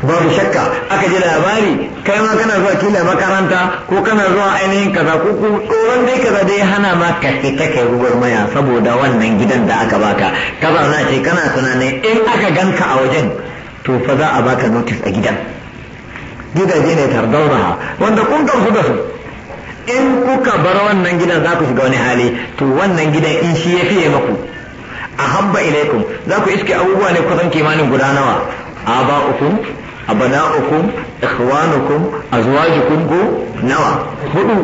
babu shakka aka ji labari kai ma kana zuwa kila makaranta ko kana zuwa ainihin kaza ko ko tsoron dai kaza dai hana ma ka fita kai rubar maya saboda wannan gidan da aka baka ka zauna ce kana tunanin in aka ganka a wajen to fa za a baka notice a gidan gidaje ne tardawna wanda kun gamsu da su in kuka bar wannan gidan za ku shiga wani hali to wannan gidan in shi ya fiye maku a habba ilaikum za ku iske abubuwa ne kusan kimanin guda nawa A a ba uku, aba'ukum abana'ukum ikhwanukum zuwa ko nawa hudu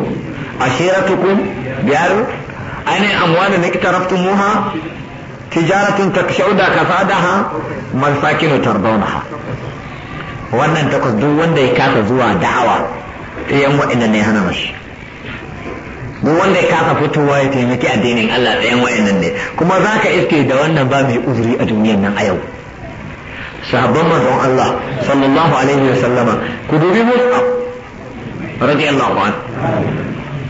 a ashiratukum biyar ainihin amwalin da muha tijaratun takshauda kasadaha masakinu ha wannan takwas duk wanda ya kasa zuwa da'awa ɗayan waɗanda ne hana mashi duk wanda ya kafa fitowa ya taimaki addinin Allah da wa'in wayannan ne kuma za ka iske da wannan ba mai uzuri a duniyar nan a yau sahabban manzon Allah sallallahu alaihi wa sallama ku dubi Mus'ab radiyallahu anhu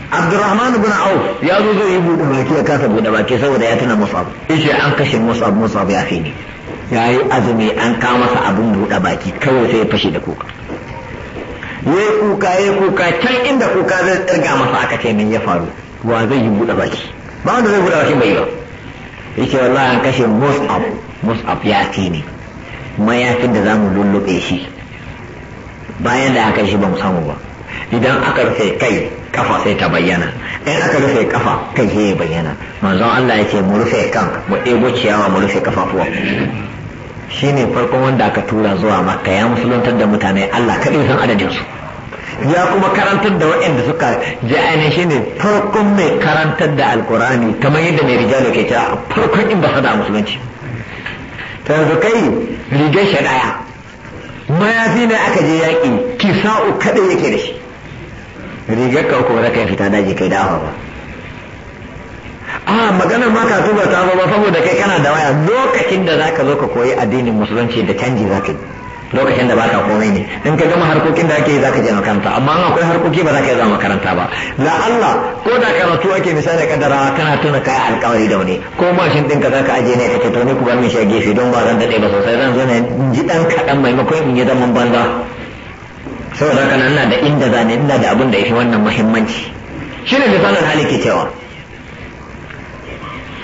Abdurrahman ibn Auf ya zo zai yi buɗe baki ya kasa buɗe baki saboda ya tuna Mus'ab yace an kashe Mus'ab Mus'ab ya fi Ya yayi azumi an kawo masa abin buɗe baki kawai sai ya fashe da kuka ya yi kuka ya kuka can inda kuka zai tsirga masa aka ce min ya faru wa zai yi buɗe baki ba wanda zai buɗe baki bai ba yake wallahi an kashe mus'ab mus'ab ya ce ne mayafin da zamu lullube shi bayan da aka yi shi ba mu samu ba idan aka rufe kai kafa sai ta bayyana in aka rufe kafa kai sai ya bayyana manzon Allah ya mu rufe kan mu ɗebo ciyawa mu rufe kafafuwa Shi ne farkon wanda aka tura zuwa makka ya musuluntar da mutane Allah kaɗai san adadin su ya kuma karantar da waɗanda suka ji ainihin shi ne farkon mai karantar da alkurani kamar yadda mai rijal ke cewa farkon in ba da musulunci ta yanzu kai rigar shi ɗaya mayafi ne aka je yaƙi kisa'u kaɗai yake da shi rigar ka uku ba za ka fita daji kai da ba a maganar ma ka tuba ta ba saboda kai kana da waya lokacin da zaka zo ka koyi addinin musulunci da canji zaka yi lokacin da baka komai ne in ka gama harkokin da ake yi zaka je makaranta amma in akwai harkoki ba zaka yi zama makaranta ba la Allah ko da karatu ake misali kadara kana tuna kai alƙawari da wani ko mashin ɗinka zaka aje ne kake to ni ku ba min shi gefe don ba zan dade ba sosai zan zo ne ji ɗan kaɗan maimakon in yi zaman banza saboda kana ina da inda zane ina da abin da ya fi wannan muhimmanci shine misalin hali ke cewa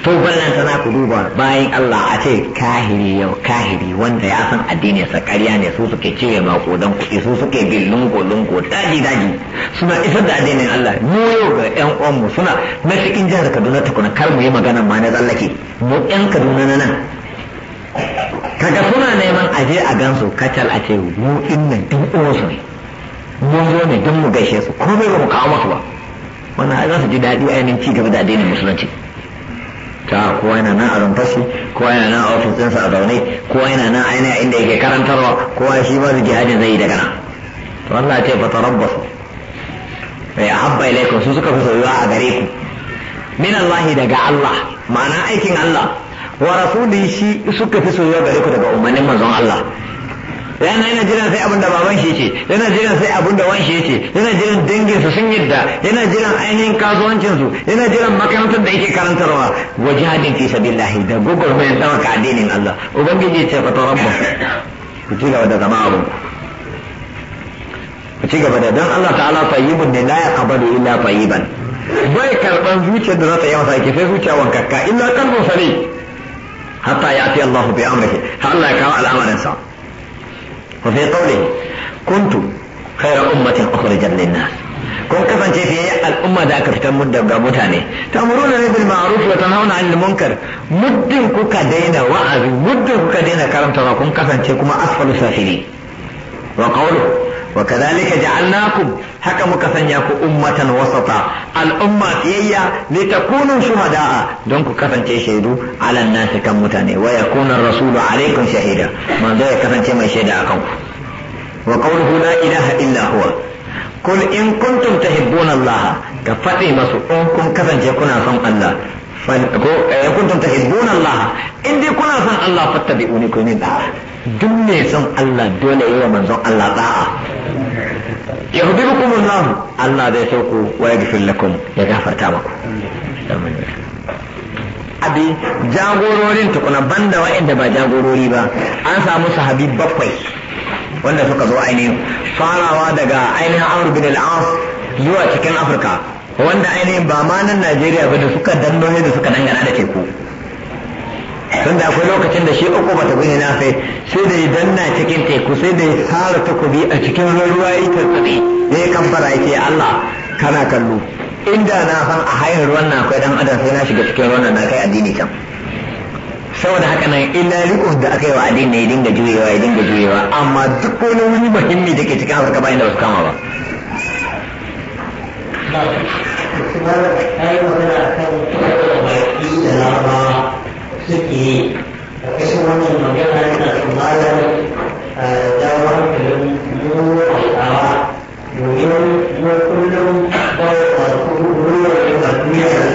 to ballan ta ku duba bayan Allah a ce kahiri yau kahiri wanda ya san addini sa ƙarya ne su suke cire kodan kuɗi su suke bin lungo lungo daji daji suna isar da addinin Allah mu yau ga ƴan uwanmu suna na cikin jihar Kaduna kuna kar mu yi magana ma na zallake mu ƴan Kaduna na nan kaga suna neman a je a gansu kacal a ce mu ɗin din uwansu ne mun zo ne don mu gaishe su komai bai mu kawo masu ba wannan ai za su ji daɗi ainihin ci gaba da addinin musulunci ta kowa yana nan a rumfashi kowa yana nan a ofis ɗinsu a zaune kowa yana nan aina inda yake karantarwa kowa shi ba jihadin zai yi daga nan to Allah ce fa tarabbasu bai habba ilaikum su suka fi soyuwa a gare ku min Allah daga Allah ma'ana aikin Allah wa rasuli shi suka fi soyuwa gare ku daga umarnin manzon Allah yana yana jiran sai abin da baban shi ce yana jiran sai abin da wan shi ce yana jiran dangin su sun yadda yana jiran ainihin kasuwancin su yana jiran makarantar da yake karantarwa wa jihadin fi sabilillahi da gogor mai dawa ka addinin Allah ubangiji ce fa tarabbu ku ci gaba da zama abun ku ci gaba da dan Allah ta'ala tayyibun ne la yaqbalu illa tayyiban bai karban zuciyar da za ta yi masa ake sai zuciya wankakka illa kalbun sare hatta ya fi Allah bi amrihi har Allah ya kawo al'amarin sa وفي قوله كنت خير أمة أخرجت للناس kun kasance fiye al'umma da aka fitar mudda ga mutane ta'muruna bil ma'ruf wa tanhauna 'anil munkar muddin kuka daina wa'azi muddin kuka daina karanta kun kasance kuma wa kadhalika ja'alnakum haka muka sanya ku ummatan wasata al'umma tiyayya li takunu shuhada'a don ku kasance shaidu ala nasi kan mutane wa yakuna rasulu alaikum shahida manzo ya kasance mai shaida akan ku wa qawluhu la ilaha illa huwa kul in kuntum tuhibbuna Allah ka fadi masu in kun kasance kuna son Allah ko eh, kuntum tuhibbuna Allah in dai kuna son Allah fattabi'uni ku min da'a duk mai son Allah dole yi wa manzon Allah da'a hukumun Allah Allah zai so wa ya yaghfir lakum ya gafarta maku abi jagororin tukuna banda wa'anda ba jagorori ba an samu sahabi bakwai wanda suka zo ainihin farawa daga ainihin Amr bin al zuwa cikin Afirka wanda ainihin ba ma nan Najeriya ba da suka danno da suka dangana da teku da akwai lokacin da shi uku bata bin na sai sai da ya danna cikin teku sai da ya sara takobi a cikin ruwa ya tsatsabe ya yi kambara ya ce Allah kana kallo inda na san a hayar ruwan na akwai dan adam sai na shiga cikin ruwan na kai addini can saboda haka nan illa riko da aka yi wa addini ya dinga juyewa ya dinga juyewa amma duk wani wani muhimmi da ke cikin afirka bayan da ba su kama ba. Malam, ta yi magana a da Jadi kesemuanya mengenai kemarin dalam belum dulu awal belum belum belum belum belum belum belum belum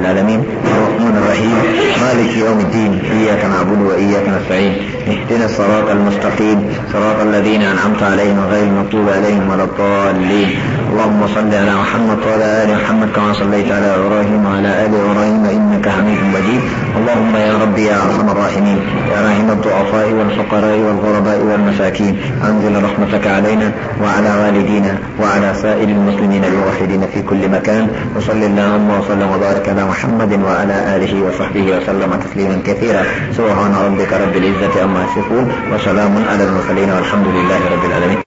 العالمين الرحمن الرحيم مالك يوم الدين إياك نعبد وإياك نستعين اهدنا الصراط المستقيم صراط الذين أنعمت عليهم غير المطلوب عليهم ولا الضالين اللهم صل على محمد وعلى آل محمد كما صليت على إبراهيم وعلى آل إبراهيم إنك حميد مجيد اللهم يا ربي يا أرحم الراحمين يا راحم الضعفاء والفقراء والغرباء والمساكين أنزل رحمتك علينا وعلى والدينا وعلى سائر المسلمين الموحدين في كل مكان وصل اللهم وسلم وبارك على محمد وعلى آله وصحبه وسلم تسليما كثيرا سبحان ربك رب العزة أما يصفون وسلام على المرسلين والحمد لله رب العالمين